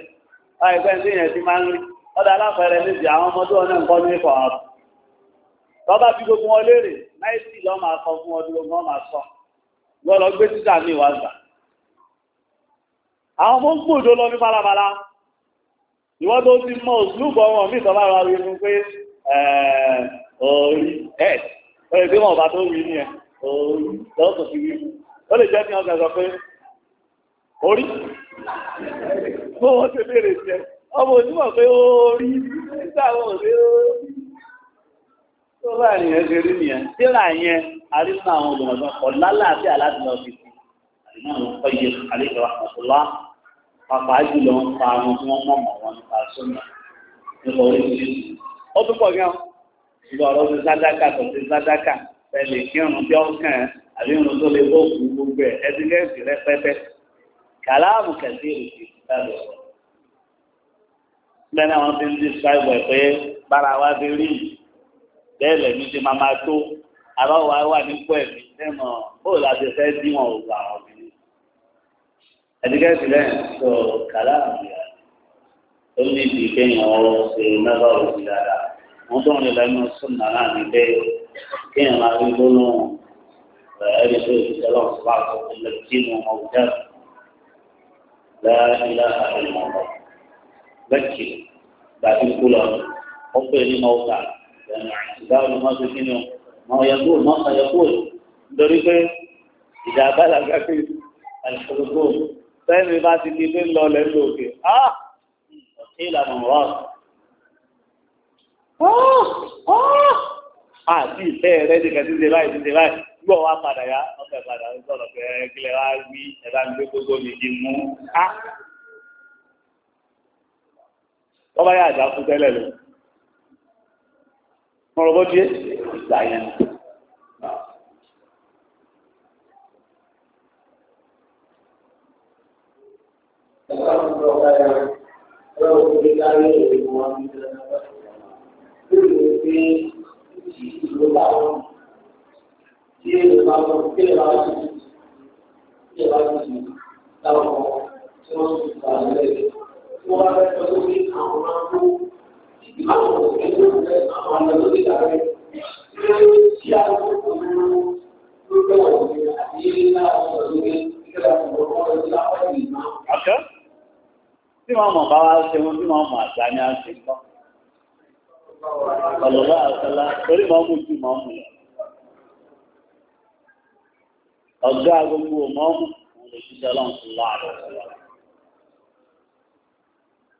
Báyìí pẹ́ sí máa ń rí. Ọ̀dà aláfẹ́rẹ́ níbi àwọn ọmọ tó nǹkan ní kọ̀ọ̀rọ̀. Tọ́ba bí gbogbo wọn léèrè, náìsì lọ́ máa sọ fún ọdún ogun máa sọ. Wọ́n lọ gbé títà ní ìwà gbà. Àwọn ọmọ ń gbòdo lọ ní balabala. Ìwọ́n tó ti mọ òṣùlùbọ̀ wọn mí ìtọ́lá ara rí fún pé orí Ó yẹ kí wọn bá tó wí ní ẹ̀ ó lè jẹ́ ní ọgá sọ pé orí bó wọ́n ṣe béèrè sí ẹ ọmọ onímọ̀ pé orí nígbàwọ̀n pé orí tó bá nìyẹn ṣe rí nìyẹn síra yẹn arínú àwọn olùmọ̀sán kọ̀ lálàáfíà láti lọ fi sí àrínú àwọn ọ̀pẹ́yẹ àlejò àkọsọlá pàpà jùlọ ń pa àwọn tí wọ́n mọ̀mọ̀ wọn nípa sọ́nà nípa oríṣiríṣi ó tún pọ̀ gan-an ìgbà ọ̀rọ̀ ti sádákà tó ti sádákà pẹ̀lú ìkírun tí ó kàn án àbí irun tó lè bó kú gbogbo ẹ̀ ẹtíkẹ́ẹ̀tì rẹpẹtẹ kàláàmù kẹsí ìrètí ìdájọ ọ̀rọ̀ lẹ́nu àwọn tí ń di ṣáìbù ẹ̀ pé bára wa ti rí yìí bẹ́ẹ̀ lẹ́mí ti máa máa tó àbá wa wà nípò ẹ̀mí lẹ́mọ̀ bóòlù láti fẹ́ dí wọn ò gbà wọn bìí ẹtíkẹ́ẹ̀tì lẹ́yìn sọ kàláàmù yà ó ní ìdí kẹ́yìn ọ̀rọ̀ ṣe mẹ́fà òsì dáadáa wọ́n tó ń lè lẹ́nu sùn náà ní bẹ́ẹ̀ kéèyàn máa rí gbólóhùn فأرسل السلام الله عليه وسلم سنوا موتاكم لا إله إلا الله بكر بعد الكلام حب لموتى لأن اعتذار ما تكنه ما يقول ما سيقول دريفه إذا بلغ في الحلقوم فهم ما تكتبين له لأنه آه قيل من راس آه آه آه آه. آه. آه. كتير دي باي دي باي gbọ́ wa padà yá ọ̀fẹ́ padà ń sọ̀rọ̀ pé kílẹ̀ wá wí ẹ̀dá ń gbé gbogbo mi ti mú á. wọ́n bá yà àjà fún tẹ́lẹ̀ lọ. mo rọ̀ bó díẹ̀ ìgbà yẹn ni. Thank you tí èlé bá máa mú ju mọ̀ mú lọ. ọ̀gá gbogbo mọ́mù wọn lè ṣiṣẹ́ lọ́n sí láàrọ̀ sílẹ̀.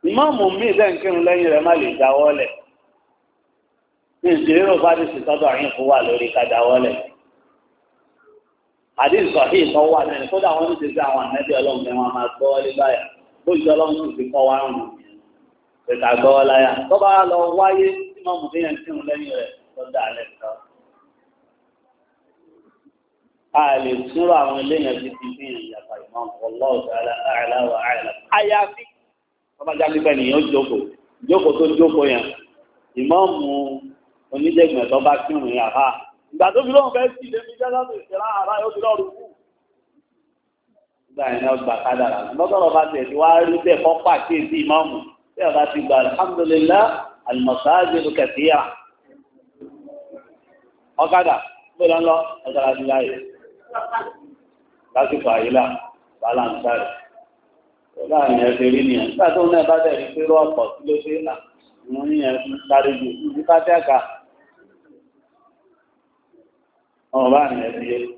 ìmọ̀mù mi dẹ́ nkírun lẹ́yìn rẹ̀ má lè dáwọ́lẹ̀ ní ìṣèrérò bá ti ṣètọ́jú àyìn kó wà lórí ká dáwọ́lẹ̀. àdéhùn sọ̀hí ìtọ́ wà lẹ́nu kódà wọ́n ti ṣe àwọn ànẹ́bí ọlọ́run wọn máa gbọ́ wọlé báyà bójú ọlọ́run ti kọ́ wá rùn ìta tó bá lọ wáyé ìmọ̀mù mi yẹn nkírun lẹ́yìn rẹ̀ tó dá alẹ́ a lè túrò àwọn eléyàn ti fi fi ìyàtọ̀ ìmọ̀n ọlọ́ọ̀dà aláwọ̀ àìlà. àyàfi ọba jáde pẹ́ nìyẹn ó jókòó jókòó tó jókòó yẹn ìmọ̀ọ̀mù onídẹ́gbọ̀n ẹ̀tọ́ bá kírun yẹn àbá. ìgbà tó fi lóun fẹ́ sí ilé mi jẹ́lá tó ìṣẹ̀lá àbá yóò fi lọ́ọ̀rù kú. nígbà yẹn gbà kádàrà lọ́sọ̀rọ̀ bá tiẹ̀ ti wá rí bẹ́ẹ̀ kọ́ pàkíyèsí ìmọ̀ọ̀mù bẹ́ẹ̀ bá ti gbà alhamdulilayi almasajidu kẹfìyà ọ̀kadà gbọ́dọ̀ lásìkò àyílà bálánsárì láàrin ẹsẹ̀ rí nìyẹn nígbà tó náà bá tẹ̀lé pé rọ́ọ̀pọ̀ kí ló dé là wọ́n ní yẹn sáré ju ibi ká tẹ́ àká ọ̀rọ̀ bá rìn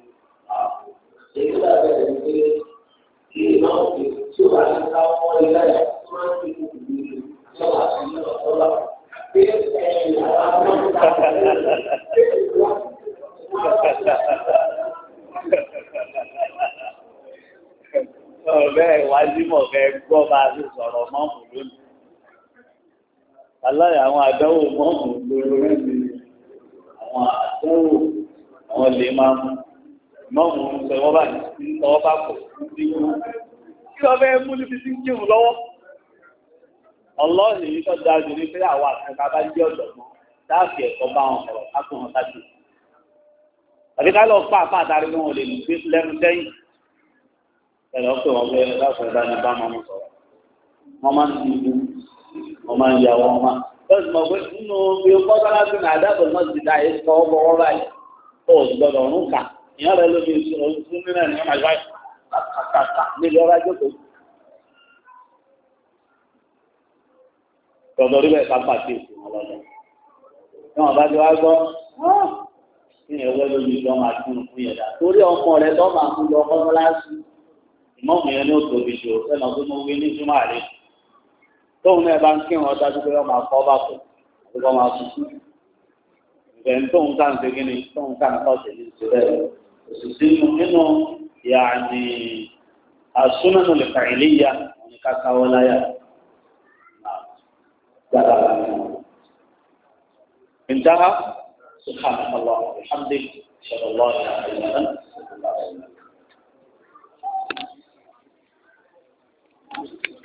ọ̀rẹ́ ìwájúmọ̀ fẹ́ gbọ́ bá a ti sọ̀rọ̀ mọ́mù lónìí. aláì àwọn àdánwò mọ́mù lórí àwọn àdánwò àwọn lè máa mú mọ́mù tẹ̀wọ́ bá tẹ̀wọ́ bá kò sí kú. kí lọ fẹ́ mú níbi tí ń kírun lọ́wọ́. ọlọ́ọ̀nì yìí tọ́jú àjò ní pé àwọn àkàkà bá jẹ́ ọ̀dọ̀ mọ́ dáàfì ẹ̀kọ́ bá wọn sọ̀rọ̀ ká tó wọn sáájú. àbíká lọ fà fà àtàrí wọn ò lè lẹ́nu sẹ́yìn ẹ̀rọ pé wọ́n fẹ́ láti ní bá máa mú sọ̀rọ̀ wọ́n máa ń ti ìlú wọ́n máa ń ya wọ́n máa bẹ́ẹ̀ mọ̀ pé nínú bí o kọ́ta láti ní àdábọ̀ náà ti dá yé sọ ọ́ wọ́n báyìí ó gbọ́dọ̀ ọ̀run kà ìyá rẹ ló fi sún nínú ẹ̀ ní ọmọ kàkàkà nílé ọ̀rá jókòó. tọ̀dọ̀ orí bẹ́ẹ̀ ká pàṣẹ ìsìn wọn ní wọn bá ti wá gbọ́ ní ẹ̀wọ́ lójú lọ́mọ àti fún yẹ̀dá torí ọmọ rẹ lọ́mọ àkúndọ̀ ọmọ láti ìmọ̀ọ́mù yẹn ní ó tóbi jù ẹnà tó mú wí ní júmọ̀ àlè tóun náà bá ń kí wọn dájú pé wọn máa kọ́ bá kú àti wọn máa sùn ìgbẹ́ tóun ká ń ṣe kí ni tóun ká ń kọ́ sí ní ìṣẹ̀lẹ̀ òṣìṣẹ́ nínú yàní àsúnánù lè fà ilé ya wọn ni ká káwọ́ láyà gbàgbà انتهى سبحانك اللهم وبحمدك اشهد ان لا اله الا انت